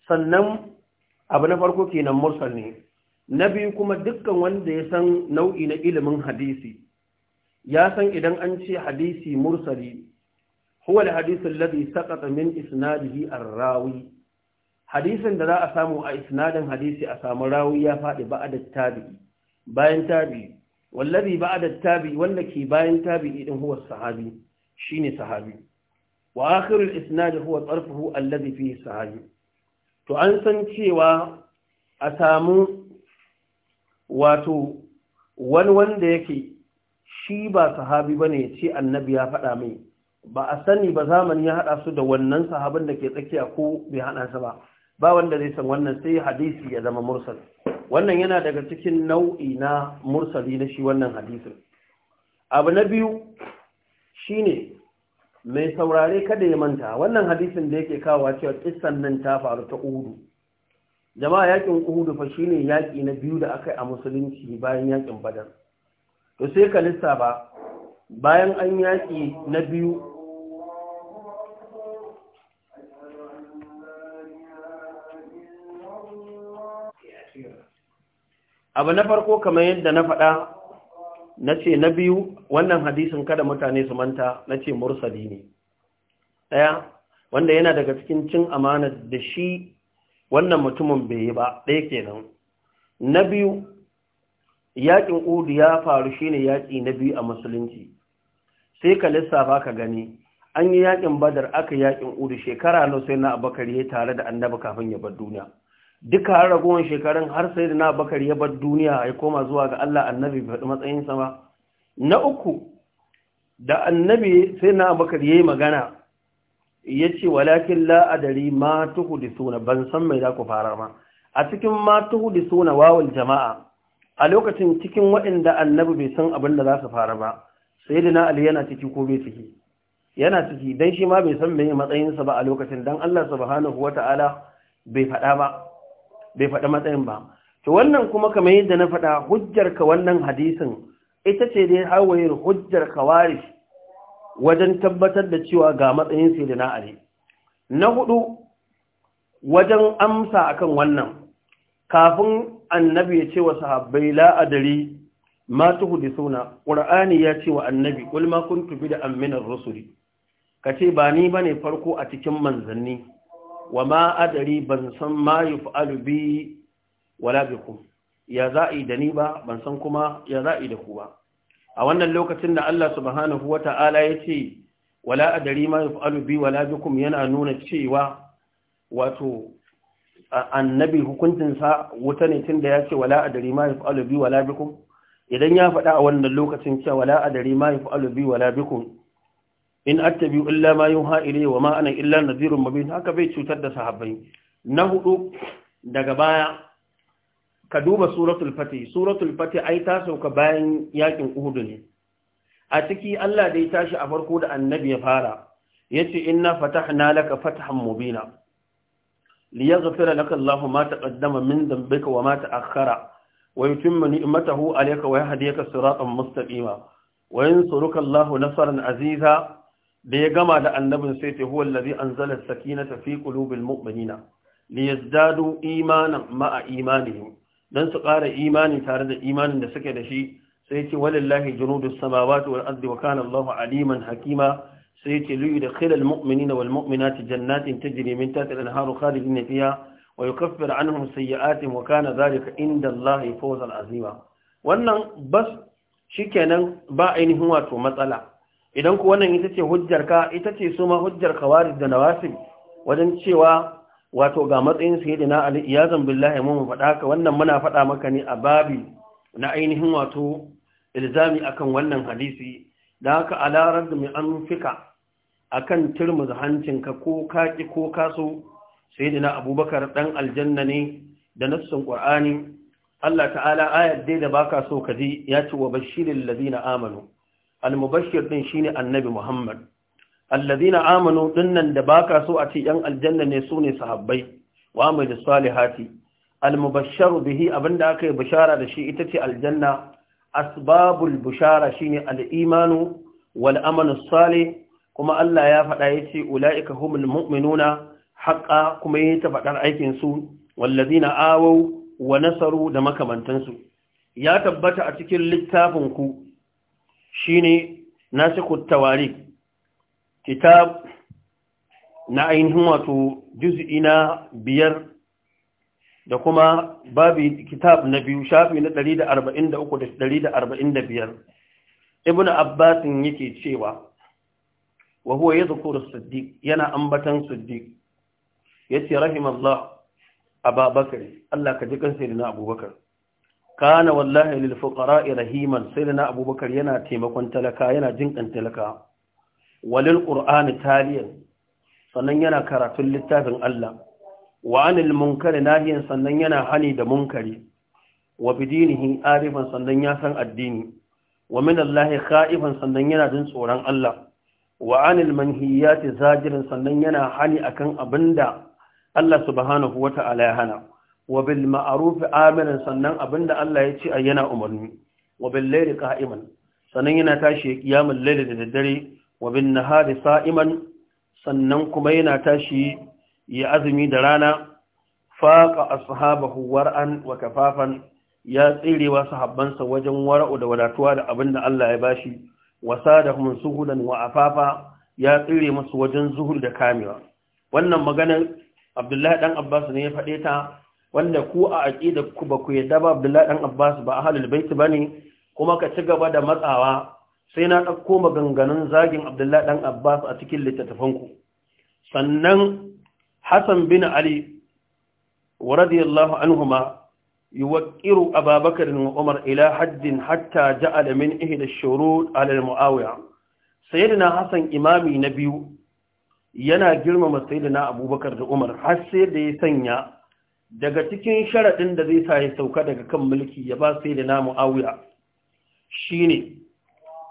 sannan abu na farko kenan mursal ne na biyu kuma dukkan wanda ya san nau'i na ilimin hadisi ya san idan an ce hadisi mursali huwa da hadisun ladhi saƙaƙa min isnadihi a rawi hadisin da za a samu a isnadin hadisi a samu rawi ya faɗi ba'da tabi'i bayan tabi'i wallazi ba'da tabi'i wanda ke bayan tabi'i din huwa sahabi shine sahabi wa akhirul isnad huwa tsarfuhu allazi fihi sahabi to an san cewa a samu wato wani wanda yake shi ba sahabi bane ya ce annabi ya faɗa mai ba a sani ba zamani ya haɗa su da wannan sahabin da ke tsakiya ko bai haɗa su ba ba wanda zai san wannan sai hadisi ya zama mursal wannan yana daga cikin nau'i na mursali na shi wannan hadisin abu na biyu shine mai saurare kada ya manta wannan hadisin da yake kawo cewa kissan nan ta faru ta uhudu jama'a yakin uhudu fa shine yaki na biyu da aka a musulunci bayan yakin badar to sai ka lissafa bayan an yaki na biyu abu na farko kamar yadda na faɗa na ce na biyu wannan hadisin kada mutane su manta na ce mursali ne ɗaya wanda yana daga cikin cin amana da shi wannan mutumin bai yi ba ɗaya kenan na biyu yaƙin udu ya faru shi ne yaƙi na biyu a musulunci sai ka lissafa ka gani an yi yaƙin badar aka yaƙin udu shekara na sai na abakari ya tare da annabi kafin ya bar duniya duka har ragowar shekarun har sai da na bakar ya bar duniya a koma zuwa ga Allah annabi faɗi matsayinsa ba na uku da annabi sai na bakar ya yi magana ya ce walakin la'adari ma tuhu da suna ban san mai za ku fara ma a cikin ma tuhu da suna wawal jama'a a lokacin cikin waɗanda annabi bai san abin da za su fara ba sai da na ali yana ciki ko bai ciki yana ciki don shi ma bai san mai matsayinsa ba a lokacin don Allah subhanahu wata'ala bai faɗa ba bai faɗa matsayin ba to wannan kuma kamar yadda na faɗa hujjarka ka wannan hadisin ita ce dai hawaye hujjar kawari wajen tabbatar da cewa ga matsayin sai da na na hudu wajen amsa akan wannan kafin annabi ya ce wa sahabbai la'adari matu hudu suna, ƙura'ani ya ce wa annabi ƙulma kun tufi da Amminar Rusuri. Ka ce ba ni ba ne farko a cikin manzanni wa ma adari ban san ma yuf'alu bi wala bikum ya yi da ni ba ban san kuma ya yi da ku ba a wannan lokacin da Allah subhanahu wata'ala yace wala adari ma yuf'alu bi wala bikum yana nuna cewa wato annabi hukuncinsa wuta ne tun tunda yace wala adari ma yuf'alu bi wala bikum idan ya faɗa a wannan lokacin cewa wala adari ma yuf'alu bi wala bikum in attabi illa ma yuha wa ma ana illa nadhirun mubin haka bai cutar da sahabbai na hudu daga baya ka duba suratul fatih suratul fatih ai ta sauka bayan yakin uhud ne a ciki Allah dai tashi a farko da annabi ya fara yace inna fatahna laka fathan mubina liyaghfira laka Allahu ma taqaddama min dhanbika wa ma ta'akhkhara wa yutimma ni'matahu alayka wa yahdiyaka siratan mustaqima wa yansuruka Allahu nasran aziza da ya gama da annabin sai ta huwa allazi anzala sakinata fi qulubil mu'minina liyazdadu imanin ma'a imanin. Don su ƙara imani tare da imanin da suke da shi sai ce walillahi junudu samawati wal ardi wa kana Allahu aliman hakima sai ce li yudkhilal mu'minina wal mu'minati jannatin tajri min tahtiha al-anharu khalidina fiha wa yukaffir anhum sayyi'atihim wa kana dhalika inda Allahi fawzan azima wannan bas shikenan ba ainihin wato matsala idan ku wannan ita ce hujjarka ita ce su ma hujjar khawarij da nawasib wajen cewa wato ga matsayin sayyidina ali iyazan billahi mu faɗa ka wannan muna faɗa maka ne a babi na ainihin wato ilzami akan wannan hadisi da haka alarar da mai an fika akan turmuz hancinka ko kaki ko kaso sayyidina abubakar ɗan aljanna ne da nassin qur'ani Allah ta'ala ayat dai da baka so ka ji ya ce wa lazi na amanu al ɗin din shine annabi Muhammad alladhina amanu dinnan da baka so a ce yan aljanna ne su ne sahabbai wa amilu salihati al-mubashshar bihi abinda aka yi bishara da shi ita ce aljanna asbabul bishara shine al-imanu wal amalu salih kuma Allah ya faɗa yace ulaika humul mu'minuna haƙa kuma yi ta faɗar aikinsu wallazi na awau wa nasaru da makamantansu ya tabbata a cikin littafinku Shi shine nasikut tawari kitab na ainihin wato juz'i na biyar da kuma babi kitab na biyu shafi na 143 da 145 ibnu abbasin yake cewa wa huwa yadhkuru siddiq yana ambatan siddiq yace rahimallahu ababakar Allah ka ji kansa da na abubakar kana wallahi lil fuqara'i rahiman sayyidina abubakar yana taimakon talaka yana jinkan talaka walil qur'ani taliyan sannan yana karatun littafin Allah wa anil munkari nahiyan sannan yana hani da munkari wa bidinihi arifan sannan ya san addini wa min kha'ifan sannan yana jin tsoron Allah wa anil manhiyati zajirin sannan yana hani akan abinda Allah subhanahu ala ya hana wa bil ma'ruf amilan sannan abinda Allah ya ce yana umarni wa bil layli qa'iman sannan yana tashi qiyamul layli da daddare wa bin nahari sa'iman sannan kuma yana tashi ya azumi da rana faqa ashabahu war'an wa kafafan ya tsire wa sahabbansa wajen wara'u da wadatuwa da abinda Allah ya bashi wasadahum suhulan wa afafa ya tsire musu wajen zuhul da kamewa wannan maganar Abdullahi dan Abbas ne ya faɗe ta wanda ku a aƙida ku ba ku yadda ba Abdullahi dan Abbas ba ahlul bait bane kuma ka ci gaba da matsawa sai na ɗauko maganganun zagin Abdullahi dan Abbas a cikin littattafanku sannan Hassan bin Ali wa radiyallahu anhuma يوقر أبا بكر وعمر إلى حد حتى جعل من إحدى الشروط على المعاوية سيدنا حسن إمامي نبي ينا جرم سيدنا أبو بكر وعمر daga cikin sharaɗin da zai sai sauka daga kan mulki ya ba sai da na mu'awiya shi ne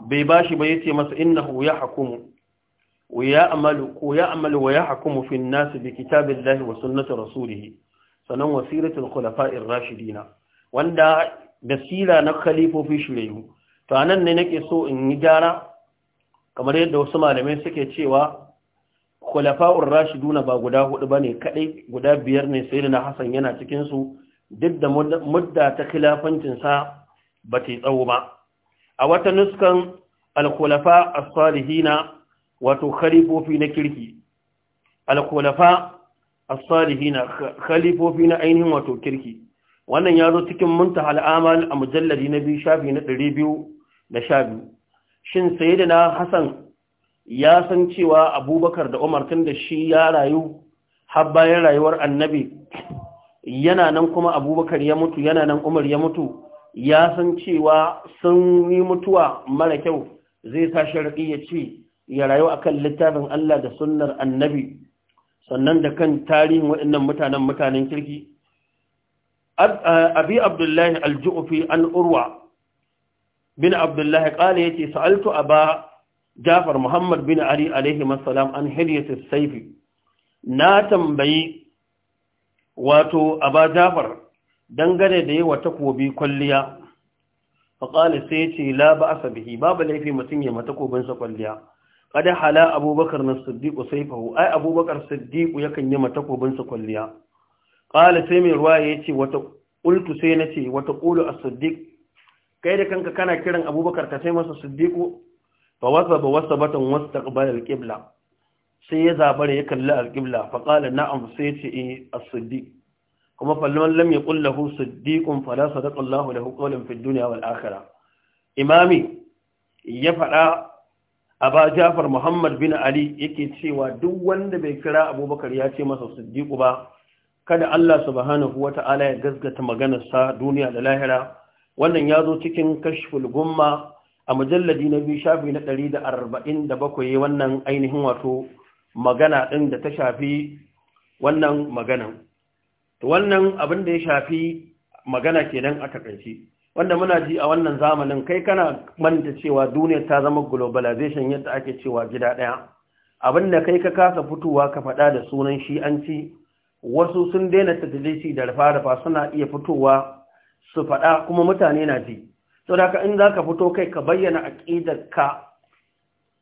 bai ba shi ba ya ce masa innahu ya hakumu ko ya amalu wa ya hakumu fin nasu bi kitabin lahi wa sunnatu rasulihi sannan wasiratul khulafa'ir rashidina wanda sila na khalifofi shirayu to anan ne nake so in yi gyara kamar yadda wasu malamai suke cewa khulafa'ur rashiduna ba guda hudu bane kadai guda biyar ne na Hassan, yana cikin su duk da mudda ta khilafancin sa ba tsawo ba a wata nuskan al-khulafa as-salihina wato khalifofi na kirki al-khulafa as-salihina khalifofi na ainihin wato kirki wannan ya zo cikin muntaha al-amal a mujalladi na biyu shafi na 212 shin sayyidina hasan ya san cewa abubakar da umar tun da shi ya rayu har bayan rayuwar annabi yana nan kuma abubakar ya mutu yana nan umar ya mutu ya san cewa sun yi mutuwa mara kyau zai sa sharaɗi ya ce ya rayu a kan littafin Allah da sunnar annabi sannan da kan tarihin waɗannan mutanen mutanen kirki abi abdullahi aljufi an urwa bin abdullahi ƙala ya ce sa'altu a ba Jafar Muhammad bin Ali alaihi masalam an hiryata saifi na tambayi wato aba Jafar dangane da yawa takobi kwalliya faƙali sai ya ce la ba a babu laifi mutum ya matakobinsa kwalliya kada hala abubakar na siddiƙu saifahu ai abubakar siddiƙu yakan yi matakobinsa kwalliya ƙali sai mai ruwa ya ce wata ƙultu sai na ce wata ƙulu a siddiƙ kai da kanka kana kiran abubakar ka sai masa siddiƙu fa wasa ba wasa batan wasta sai ya zaɓar ya kalli alƙibla fa ƙala na'am sai ce eh, a siddi kuma falman lam ya ƙullahu siddiƙun fala sadaƙallahu da hukolin fi duniya wal imami ya faɗa aba jafar muhammad bin ali yake cewa duk wanda bai kira abubakar ya ce masa siddiƙu ba kada Allah subhanahu wa ta'ala ya gazgata maganarsa duniya da lahira wannan ya zo cikin kashful gumma a mujalladi na biyu shafi na ɗari da arba'in da bakwai wannan ainihin wato magana ɗin da ta shafi wannan maganan wannan abin da ya shafi magana kenan a takaice wanda muna ji a wannan zamanin kai kana manta cewa duniya ta zama globalization yadda ake cewa gida ɗaya abin da kai ka kasa fitowa ka faɗa da sunan shi an ci wasu sun daina tadilisi da rufa-rufa suna iya fitowa su faɗa kuma mutane na ji sau da in za ka fito kai ka bayyana aƙidarka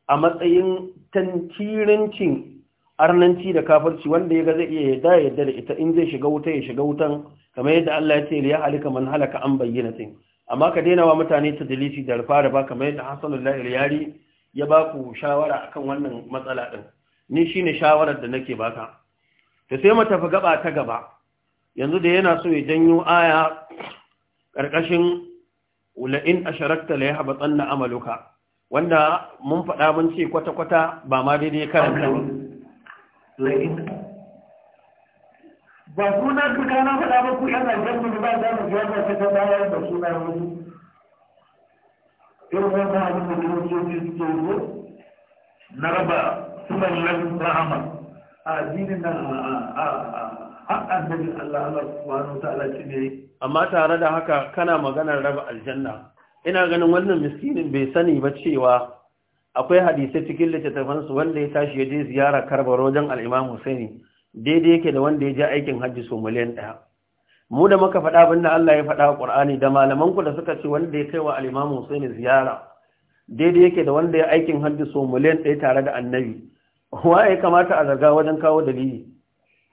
a matsayin tantirincin arnanci da kafarci, wanda ya ga zai iya yadda yadda da ita in zai shiga wuta ya shiga wutan kamar yadda Allah ya ce ya halika man halaka an bayyana sai amma ka daina wa mutane ta dalisi da fara ba kamar yadda Hassanullahi Yari ya ba ku shawara kan wannan matsala din ni shine shawarar da nake baka to sai mu tafi gaba ta gaba yanzu da yana so ya janyo aya ƙarƙashin a asharakta la ya haɓa tsanna amaluka wanda mun faɗa mun ce kwata kwata ba ma daidai karanta ba ba suna duka na faɗa ba ku yana jannu ba za mu ya ba ta bayar da suna wani irin wannan abin da kuma sojoji suke yi na raba sunan lafi ra'ama a addinin nan a har Allah Allah ta'ala ce ne amma tare da haka kana maganar raba aljanna ina ganin wannan miskinin bai sani ba cewa akwai hadisai cikin littattafansu su wanda ya tashi ya je ziyara karbar wajen al-Imam Husaini daidai yake da wanda ya je aikin hajji so miliyan ɗaya mu da muka faɗa abin da Allah ya faɗa Qur'ani da malaman ku da suka ce wanda ya kai al-Imam Husaini ziyara daidai yake da wanda ya aikin hajji so miliyan ɗaya tare da annabi waye kamata a zarga wajen kawo dalili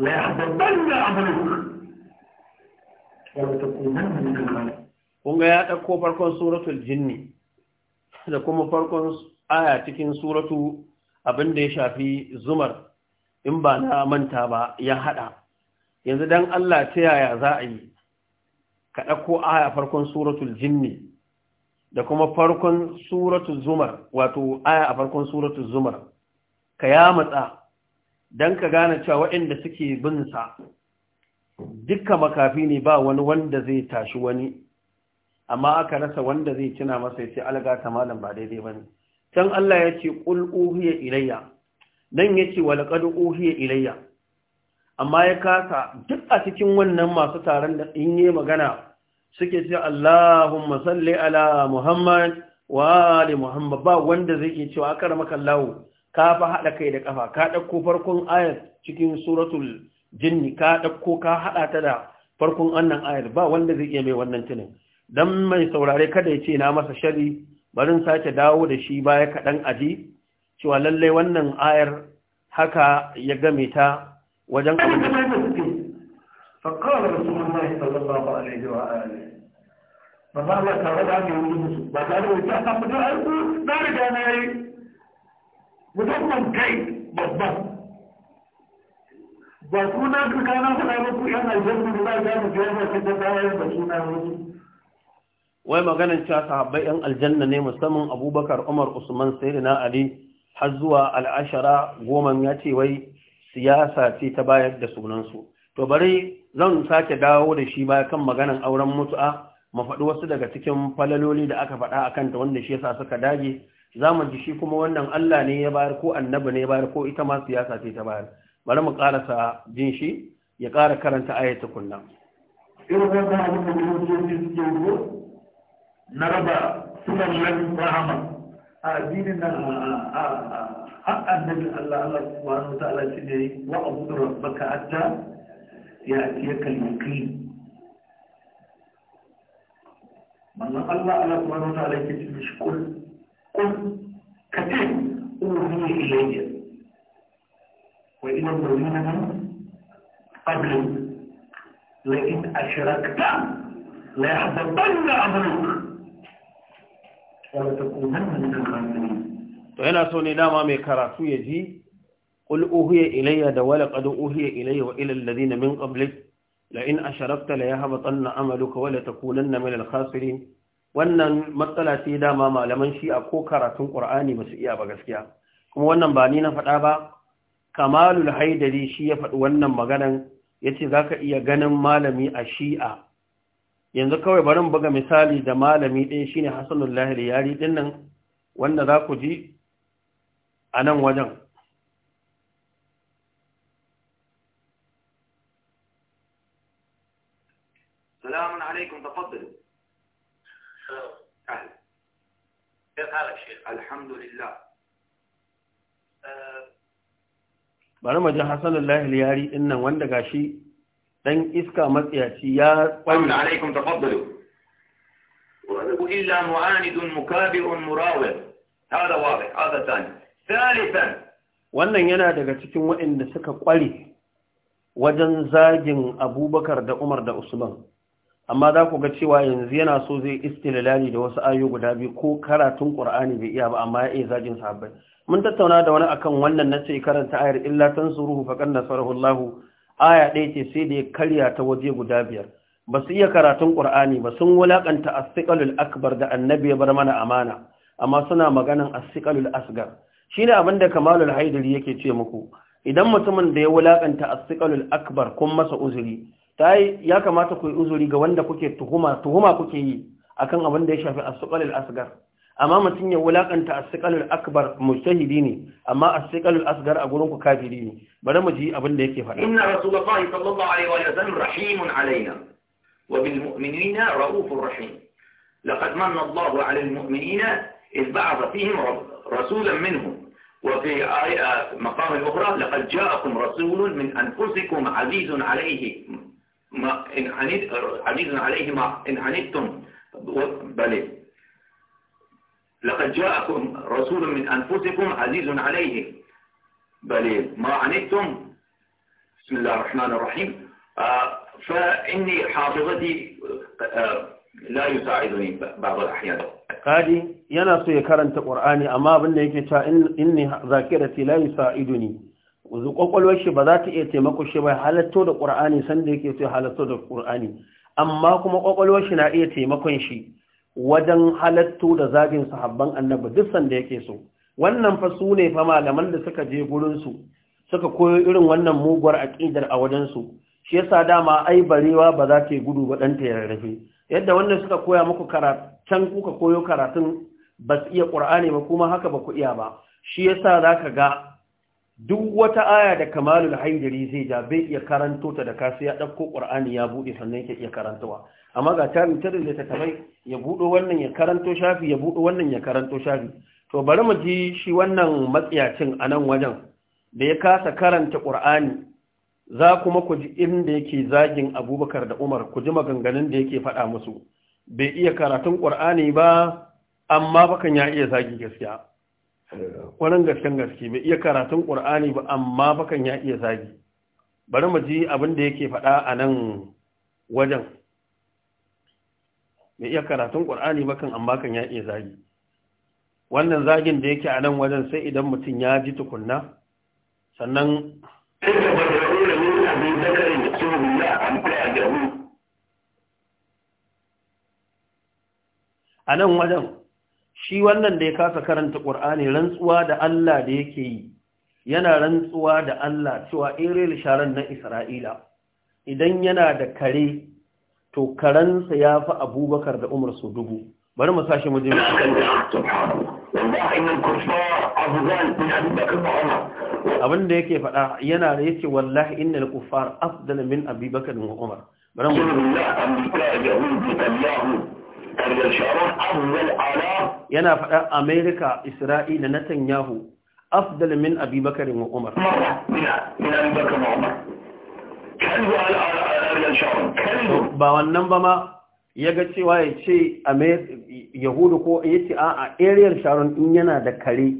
la ya ɗauko farkon suratul jinni da kuma farkon aya cikin suratu abin da ya shafi zumar in ba na manta ba ya hada yanzu dan Allah ta yaya za a yi ka ɗauko aya farkon suratul jinni da kuma farkon suratul zumar wato aya a farkon suratul zumar ka ya matsa don ka gane cewa waɗanda suke bin sa dukkan makafi ne ba wani wanda zai tashi wani amma aka rasa wanda zai tuna masa ya ce alga ta malam ba daidai ba ne can Allah ya ce ƙul uhiya ilayya dan ya ce walaƙad uhiya ilayya amma ya kasa duk a cikin wannan masu taron da in yi magana suke ce Allahumma salli ala Muhammad wa ali Muhammad ba wanda zai ke cewa akar maka lawo ka fa haɗa kai da ƙafa ka ɗauko farkon ayar cikin suratul jinni ka ɗauko ka haɗa ta da farkon annan ayar ba wanda zai iya mai wannan tunin dan mai saurare kada ya ce na masa shari barin sace dawo da shi baya kaɗan aji cewa lallai wannan ayar haka ya game ta wajen abin فقال رسول الله صلى الله عليه وآله فقال الله تعالى عن يوم يوسف وقال له جاء أبو دعوه ما رجعنا musamman kai babban ba suna su kana faɗa muku yan aljanna da za a mu biyar da cikin bayan da suna wasu wai maganar cewa sahabbai yan aljanna ne musamman abubakar umar usman sayyidina ali har zuwa al'ashara goma ya ce wai siyasa ce ta bayar da sunansu to bari zan sake dawo da shi baya kan maganan auren mutu'a mu faɗi wasu daga cikin falaloli da aka faɗa a kanta wanda shi yasa suka dage za mu ji shi kuma wannan Allah ne ya bayar ko annabi ne ya bayar ko ita ma siyasa ce ta bayar bari mu karasa jin shi ya ƙara karanta ayat kunna na raba sunan fahama a addinin nan a annabi Allah Allah subhanahu ta'ala shi ne wa abudu rabbaka hatta ya tiya kalmaki manzon Allah Allah subhanahu ta'ala yake cikin shi قل كتب أوهي إلي وإلى الذين قبل لئن أشركت ليحبطن أمرك ولا تكونن من الخاسرين to yana so ne dama mai karatu ya ji qul uhiya ilayya da wala qad uhiya ilayya wa ila alladhina min qablik la in asharakta la yahbatanna amaluka wa la takunanna min al-khasirin wannan matsala sai dama malaman shi'a ko karatun ƙur'ani ba su iya ba gaskiya kuma wannan ba ni na faɗa ba kamalul haidari shi ya faɗi wannan maganan ya ce za ka iya ganin malami a shi'a yanzu kawai barin buga misali da malami ɗin shi ne hassanun lahiri yari ɗin nan wanda za ku ji a nan wajen الحمد لله bari mu ji hasanin lahil yari din nan wanda gashi dan iska matsiyaci ya kwani alaikum tafaddalu illa mu'anidun mukabi'un murawid hada wadih hada tani thalithan wannan yana daga cikin waɗanda suka kware wajen zagin abubakar da umar da usman amma za ku ga cewa yanzu yana so zai istilali da wasu ayo guda biyu ko karatun ƙur'ani bai iya ba amma ya iya zagin sahabbai mun tattauna da wani akan wannan na ce karanta ayar illa tansuruhu faqad nasarahu Allah aya ɗaya ce sai da ya karya ta waje guda biyar ba su iya karatun ƙur'ani ba sun wulakanta as akbar da annabi ya bar mana amana amma suna maganan as asgar shine da kamalul haidari yake ce muku idan mutumin da ya wulakanta as akbar kun masa uzuri sai ya kamata ku yi uzuri ga wanda kuke tuhuma tuhuma kuke yi akan abin da ya shafi asqalul asgar amma mutun ya wulakanta asqalul akbar mujtahidi ne amma asqalul asgar a gurin ku kafiri ne bari mu ji abin da yake faɗa inna rasulullahi sallallahu alaihi wa sallam rahimun alaina wa bil mu'minina raufur rahim laqad manna Allahu 'ala al-mu'minina إذ بعث فيهم رسولا منهم وفي مقام الأخرى لقد جاءكم رسول من أنفسكم عزيز عليه ما إن عنيد عزيز عليه ما إن عنيتم بلى لقد جاءكم رسول من أنفسكم عزيز عليه بلى ما عنيتم بسم الله الرحمن الرحيم آه، فإني حافظتي آه، لا يساعدني بعض الأحيان قادي ينصي كرنت قرآني أما بني كتا إني ذاكرتي لا يساعدني kwakwalwar shi ba za ta iya taimako shi ba halatto da ƙur'ani sanda yake so halatto da ƙur'ani amma kuma kwakwalwar shi na iya taimakon shi wajen halatto da zagin sahabban annabi duk sanda yake so wannan fa su ne fa malaman da suka je gurin su suka koyo irin wannan muguwar aqidar a wajen su shi yasa dama ai barewa ba za ta gudu ba dan ta rarrafe yadda wannan suka koya muku karatun kuka koyo karatun ba su iya ƙur'ani ba kuma haka ba ku iya ba shi yasa ka ga duk wata aya da kamalul haidari zai ja bai iya karanto ta da kasu ya ɗauko ƙur'ani ya buɗe sannan ke iya karantowa amma ga ta tarin da ta ya buɗo wannan ya karanto shafi ya buɗo wannan ya karanto shafi to bari mu ji shi wannan matsiyacin a nan wajen da ya kasa karanta ƙur'ani za kuma ku ji inda yake zagin abubakar da umar ku ji maganganun da yake faɗa musu bai iya karatun ƙur'ani ba amma bakan ya iya zagi gaskiya kwanan gasken gaske bai iya karatun ƙur'ani ba amma bakan ya iya zagi bari mu ji abin da yake faɗa a nan wajen bai iya karatun ƙur'ani bakan amma kan ya iya zagi wannan zagin da yake a nan wajen sai idan mutum ya ji tukunna sannan a nan wajen shi wannan da ya kasa karanta ƙur'ani rantsuwa da Allah da yake yi yana rantsuwa da Allah cewa iril sharan na Isra'ila idan yana da kare to karansa ya fi abubakar da umar su dubu bari mu sashi muje mu abin da yake faɗa yana da yake wallahi innal kufar afdal min abubakar wa umar bari mu yana faɗa amerika isra'ila na tanyahu afdal min abi wa umar ba wannan ba ma ya ga cewa ya ce yahudu ko ya ce a ariyar sharon in yana da kare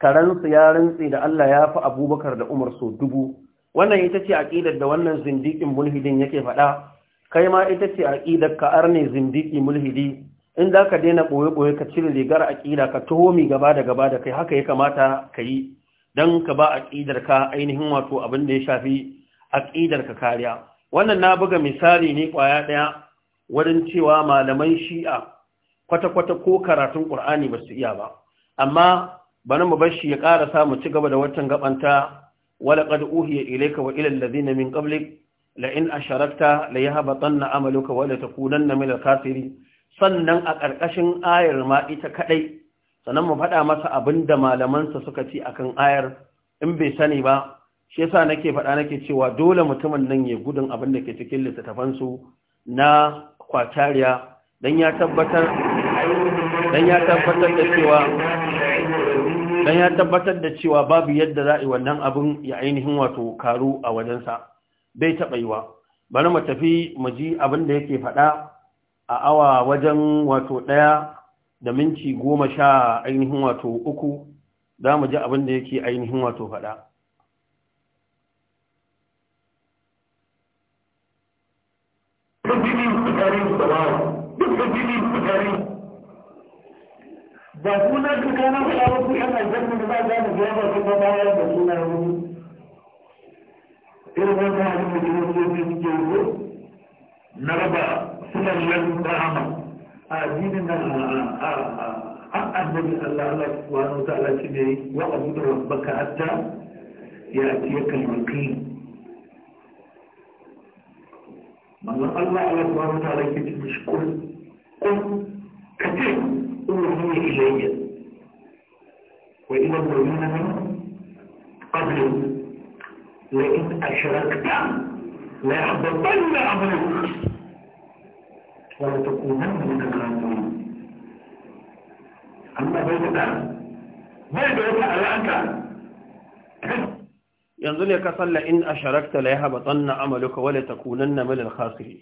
karansu ya rantse da Allah ya fi abubakar da umar so dubu wannan ita ce aƙidar da wannan zindikin mulhidin yake faɗa kai ma ita ce aqidar ka arne zindiki mulhidi in za ka daina ɓoye-ɓoye ka cire rigar aƙida ka taho mi gaba da gaba da kai haka ya kamata ka yi don ka ba aƙidar ka ainihin wato abin da ya shafi aƙidar ka kariya wannan na buga misali ne ƙwaya ɗaya wurin cewa malaman shi'a kwata-kwata ko karatun ƙur'ani ba su iya ba amma bana mu bar shi ya ƙarasa mu ci gaba da watan gabanta wala qad uhiya ilayka wa ila alladhina min qablik la'in a sharafta da ya haɓa tsanna amaluka wadda ta kudan na milar kafiri sannan a ƙarƙashin ayar ma ita kaɗai sannan mu faɗa masa abin da malamansa suka ci a kan ayar in bai sani ba shi yasa nake faɗa nake cewa dole mutumin nan ya gudun abin da ke cikin littattafansu na kwatariya don ya tabbatar da cewa don ya tabbatar da cewa babu yadda za yi wannan abin ya ainihin wato karu a wajensa bai taɓa yi wa bari mu tafi mu ji abin da yake faɗa a awa wajen wato ɗaya da minti goma sha ainihin wato uku za mu ji abin da yake ainihin wato faɗa ba suna duka kawo su yana aljanna da za a gane biyar ba su ba bayar da suna rubu irin wannan abin da kiristoci suke yi na raba sulallen rahama a addinin nan a annabi Allah Allah subhanahu wa ta'ala shi ne wa abudu rabbaka hatta ya atiya kalmaki manzon Allah Allah subhanahu wa ta'ala yake ce mishi kun kun kace uhi ilayya wa ila mu'minina qablu وإن أشركت ليحبطن عملك ولتكونن من الخاسرين amma bai da bai da wata yanzu ne ka salla in asharakta la yahbatanna amaluka wa ta takunanna min al-khasirin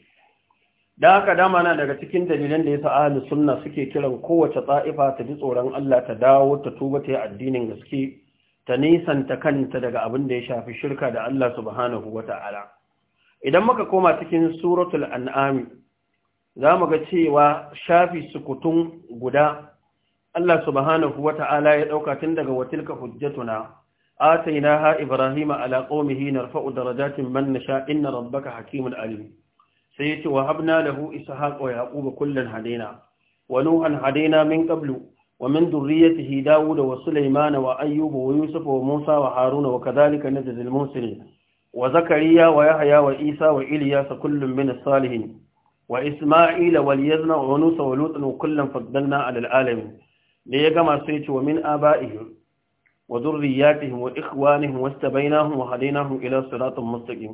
da haka dama na daga cikin dalilan da yasa ahlus sunna suke kiran kowace ta'ifa ta ji tsoron Allah ta dawo ta tuba ta addinin gaske ta nisanta kanta daga abin da ya shafi shirka da Allah subhanahu wa Idan muka koma cikin suratul an'ami, za mu ga cewa shafi sukutun guda, Allah subhanahu wa ya ɗauka tun daga watilka hujjatuna, na ha Ibrahim alaƙomihi ƙomihi na rafa'u man nasha inna rabbaka hakimun alim. Sai ya ce wa habna lahu isa haƙo ya ƙuba kullum hadena, wa nuhan hadena min ƙablu, ومن ذريته داود وسليمان وأيوب ويوسف وموسى وهارون وكذلك نجزي المحسنين وزكريا ويحيى وإيسى وإلياس كل من الصالحين وإسماعيل واليزن وعنوس ولوط وكلا فضلنا على العالمين ليجمع سيت ومن آبائهم وذرياتهم وإخوانهم واستبيناهم وهديناهم إلى صراط مستقيم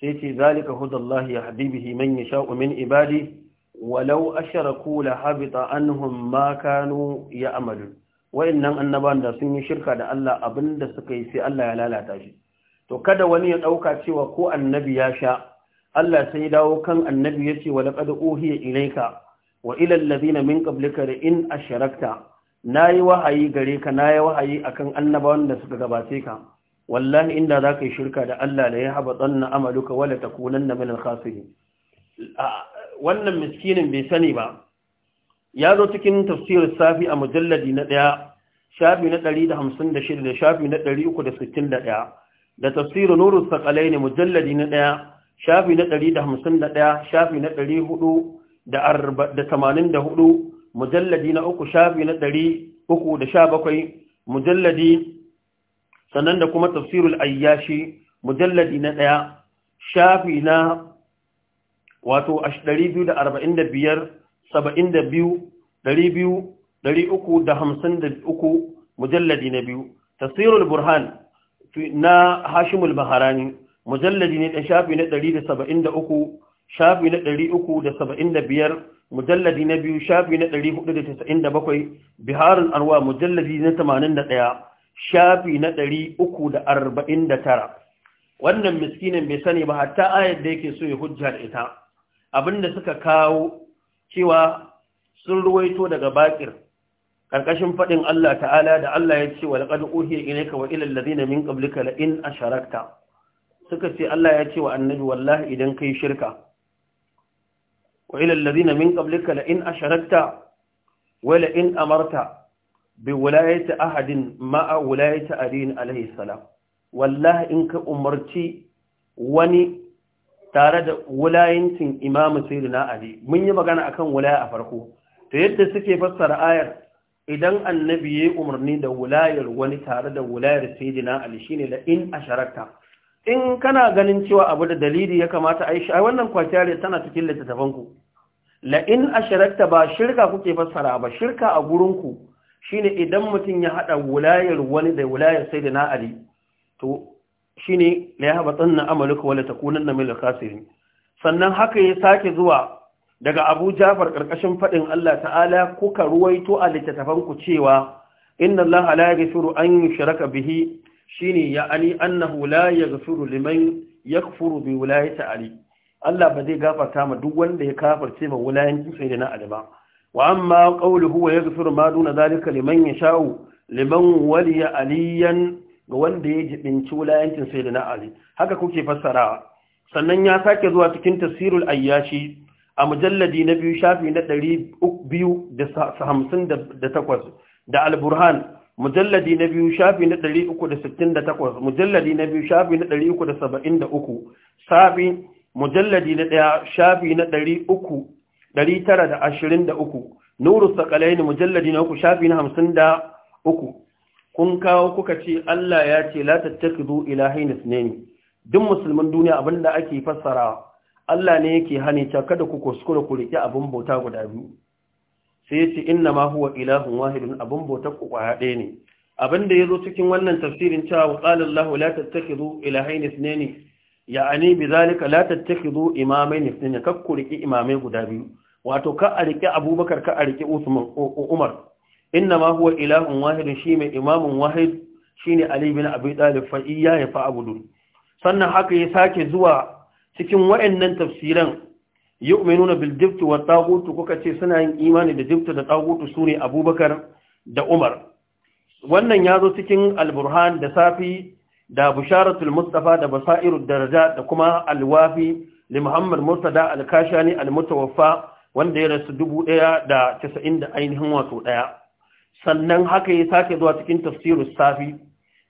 سيتي ذلك هدى الله يهدي به من يشاء من عباده walau asharaku la habita anhum ma kanu ya'malun wayannan annaban da sun yi shirka da Allah abinda suka yi sai Allah ya lalata shi to kada wani ya dauka cewa ko annabi ya sha Allah sai dawo kan annabi yace wa laqad uhiya ilayka wa ila alladhina min qablika in asharakta nayi wahayi gare ka nayi wahayi akan annabawan da suka gabace ka wallahi inda zaka yi shirka da Allah la yahbatanna amaluka wala takunanna min al-khasirin wannan miskinin bai sani ba ya zo cikin tafsirin safi a mujalladi na ɗaya shafi na 156 da shafi na 361 da tafsirin nurus sakalai ne mujalladi na ɗaya shafi na 151 shafi na 484 mujalladi na uku shafi na 317 mujalladi sannan da kuma tafsirin ayyashi mujalladi na ɗaya shafi na wato 245 mujalladi na biyu tasirul burhan na hashimul baharani mujalladi ne da shafi na 173 shafi na 375 mujalladi na biyu shafi na 497 biharul arwa mujalladi na 81 shafi na 349 wannan miskinin bai sani ba hatta ayar da yake so ya hujja da ita abinda suka kawo cewa sun ruwaito daga bakir ƙarƙashin faɗin Allah ta'ala da Allah ya ce wa laqad uhiya ilayka wa ila alladhina min qablika la in asharakta suka ce Allah ya ce wa annabi wallahi idan kai shirka wa ila alladhina min qablika la in asharakta wa la in amarta bi wilayati ahadin ma'a wilayati adin alayhi salam wallahi in ka umarci wani tare da wulayincin imamu na ali mun yi magana akan wulaya a farko to yadda suke fassara ayar idan annabi ya umarni da wulayar wani tare da wulayar na ali shine la in asharakta in kana ganin cewa abu da dalili ya kamata aisha ai wannan kwakiyar tana cikin littattafan ku la in asharakta ba shirka kuke fassara ba shirka a gurin ku shine idan mutum ya hada wulayar wani da wulayar na ali to shine la yahbatanna amaluka wala takunanna min al-khasirin sannan haka ya sake zuwa daga Abu Jafar karkashin faɗin Allah ta'ala kuka ruwaito a littattafan ku cewa inna Allah la yaghfiru an shiraka bihi shine ya'ani annahu la yaghfiru liman yakfuru bi wilayati ali Allah ba zai gafarta ma duk wanda ya kafirce ma wulayanci sai da na adaba wa amma qawluhu wa yaghfiru ma duna zalika liman yasha'u liman waliya aliyan ga wanda ya jibinci wulayancin sai da na Ali haka kuke fassarawa sannan ya sake zuwa cikin tafsirul ayyashi a mujalladi na biyu shafi na ɗari biyu da hamsin da takwas da alburhan mujalladi na biyu shafi na ɗari uku da sittin da takwas mujalladi na biyu shafi na ɗari uku da saba'in da uku safi mujalladi na ɗaya shafi na ɗari uku ɗari tara da ashirin da uku nuru sakalai mujalladi na uku shafi na hamsin da uku kun kawo kuka ce Allah ya ce la tattakidu ilahin isnani duk musulmin duniya abinda ake fassara Allah ne yake hane ta kada ku kuskure ku rike abin bauta guda biyu sai ya ce inna ma huwa ilahun wahidun abin bauta ku kwaya ɗaya ne abinda yazo cikin wannan tafsirin cewa qala Allah la tattakidu ilahin isnani ya'ani bizalika la tattakidu imamain isnani kakku rike imamai guda biyu wato ka a rike Abubakar ka a rike Usman Umar inna ma huwa ilahun wahid shi mai imamun wahid shine ali bin abi talib ya fa abudu sannan haka ya sake zuwa cikin wayannan tafsiran yu'minuna bil jibt wa tagutu kuka ce suna yin imani da jibt da taghut sune abubakar da umar wannan ya zo cikin al da safi da bisharatul mustafa da basairu daraja da kuma al'wafi wafi li muhammad murtada al-kashani al wanda ya rasu dubu ɗaya da casa'in da ainihin wato ɗaya. sannan haka ya sake zuwa cikin tafsirus safi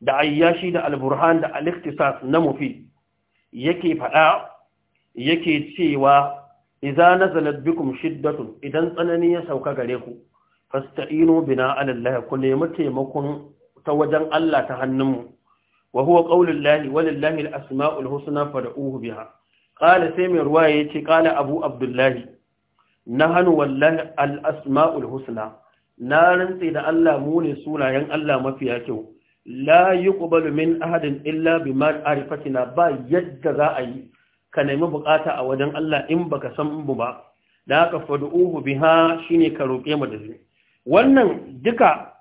da ayyashi da alburhan da al na mufi yake fada yake cewa idza nazalat bikum shiddatun idan tsanani ya sauka gare ku fasta'inu bina ala Allah ku nemi taimakon ta wajen Allah ta hannunmu wa huwa qaulul walillahi al-asma'ul husna fad'uhu biha qala sai mai ruwaya yace qala abu abdullahi nahanu wallahi al-asma'ul husna na rantse da Allah mu ne sunayen Allah mafiya kyau la yuqbalu min ahadin illa bima arifatina ba yadda za a yi ka nemi bukata a wajen Allah in baka san mu ba da haka fad'uhu biha shine ka roke mu da shi wannan duka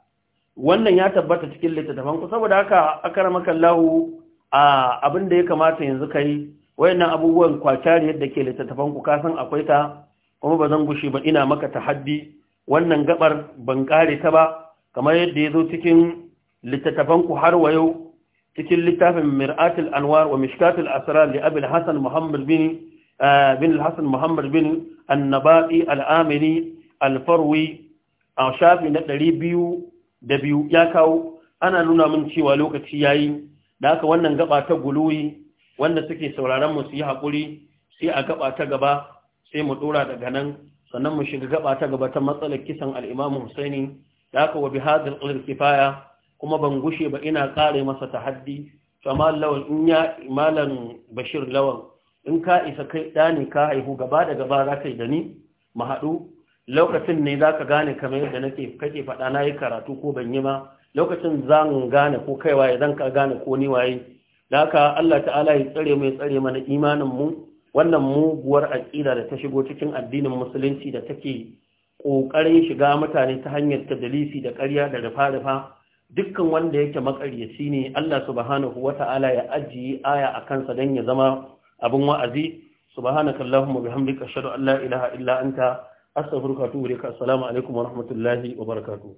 wannan ya tabbata cikin littafin ku saboda haka Allah a abin da ya kamata yanzu kai wayannan abubuwan kwatar yadda ke littafin ku ka san akwai ta kuma bazan gushi ba ina maka tahaddi wannan gabar ban kare ta ba kamar yadda ya zo cikin littattafanku ku har wa yau cikin littafin mir'atul anwar wa mishkatul asrar li abul hasan muhammad bin eh, bin al-hasan muhammad bin al amini al-farwi a shafi na biyu da biyu ya kawo ana nuna min cewa lokaci yayi da haka wannan gaba ta guluyi wanda suke sauraron mu su yi haƙuri sai a gaba ta gaba sai mu dora daga nan sannan mu shiga gaba ta gaba ta matsalar kisan al'imamu husaini da aka wa bihadar ƙalar kifaya kuma ban gushe ba ina ƙare masa tahaddi kamar lawan in ya malan bashir lawan in ka isa kai ɗani ka haihu gaba da gaba za ka yi da ni mu haɗu lokacin ne za ka gane kamar yadda nake kake faɗa na yi karatu ko ban yi ma lokacin za mu gane ko kai waye zan ka gane ko ni waye da haka Allah ta'ala ya tsare mu tsare mana imanin mu wannan muguwar aƙida da ta shigo cikin addinin musulunci da take ƙoƙarin shiga mutane ta hanyar tadalisi da ƙarya da rufa-rufa dukkan wanda yake makaryaci ne Allah subhanahu wata'ala ya ajiye aya a kansa don ya zama abin wa'azi subhanakallahumma bihamdika ashhadu an la ilaha illa anta astaghfiruka wa atubu ilaik assalamu alaikum wa rahmatullahi wa barakatuh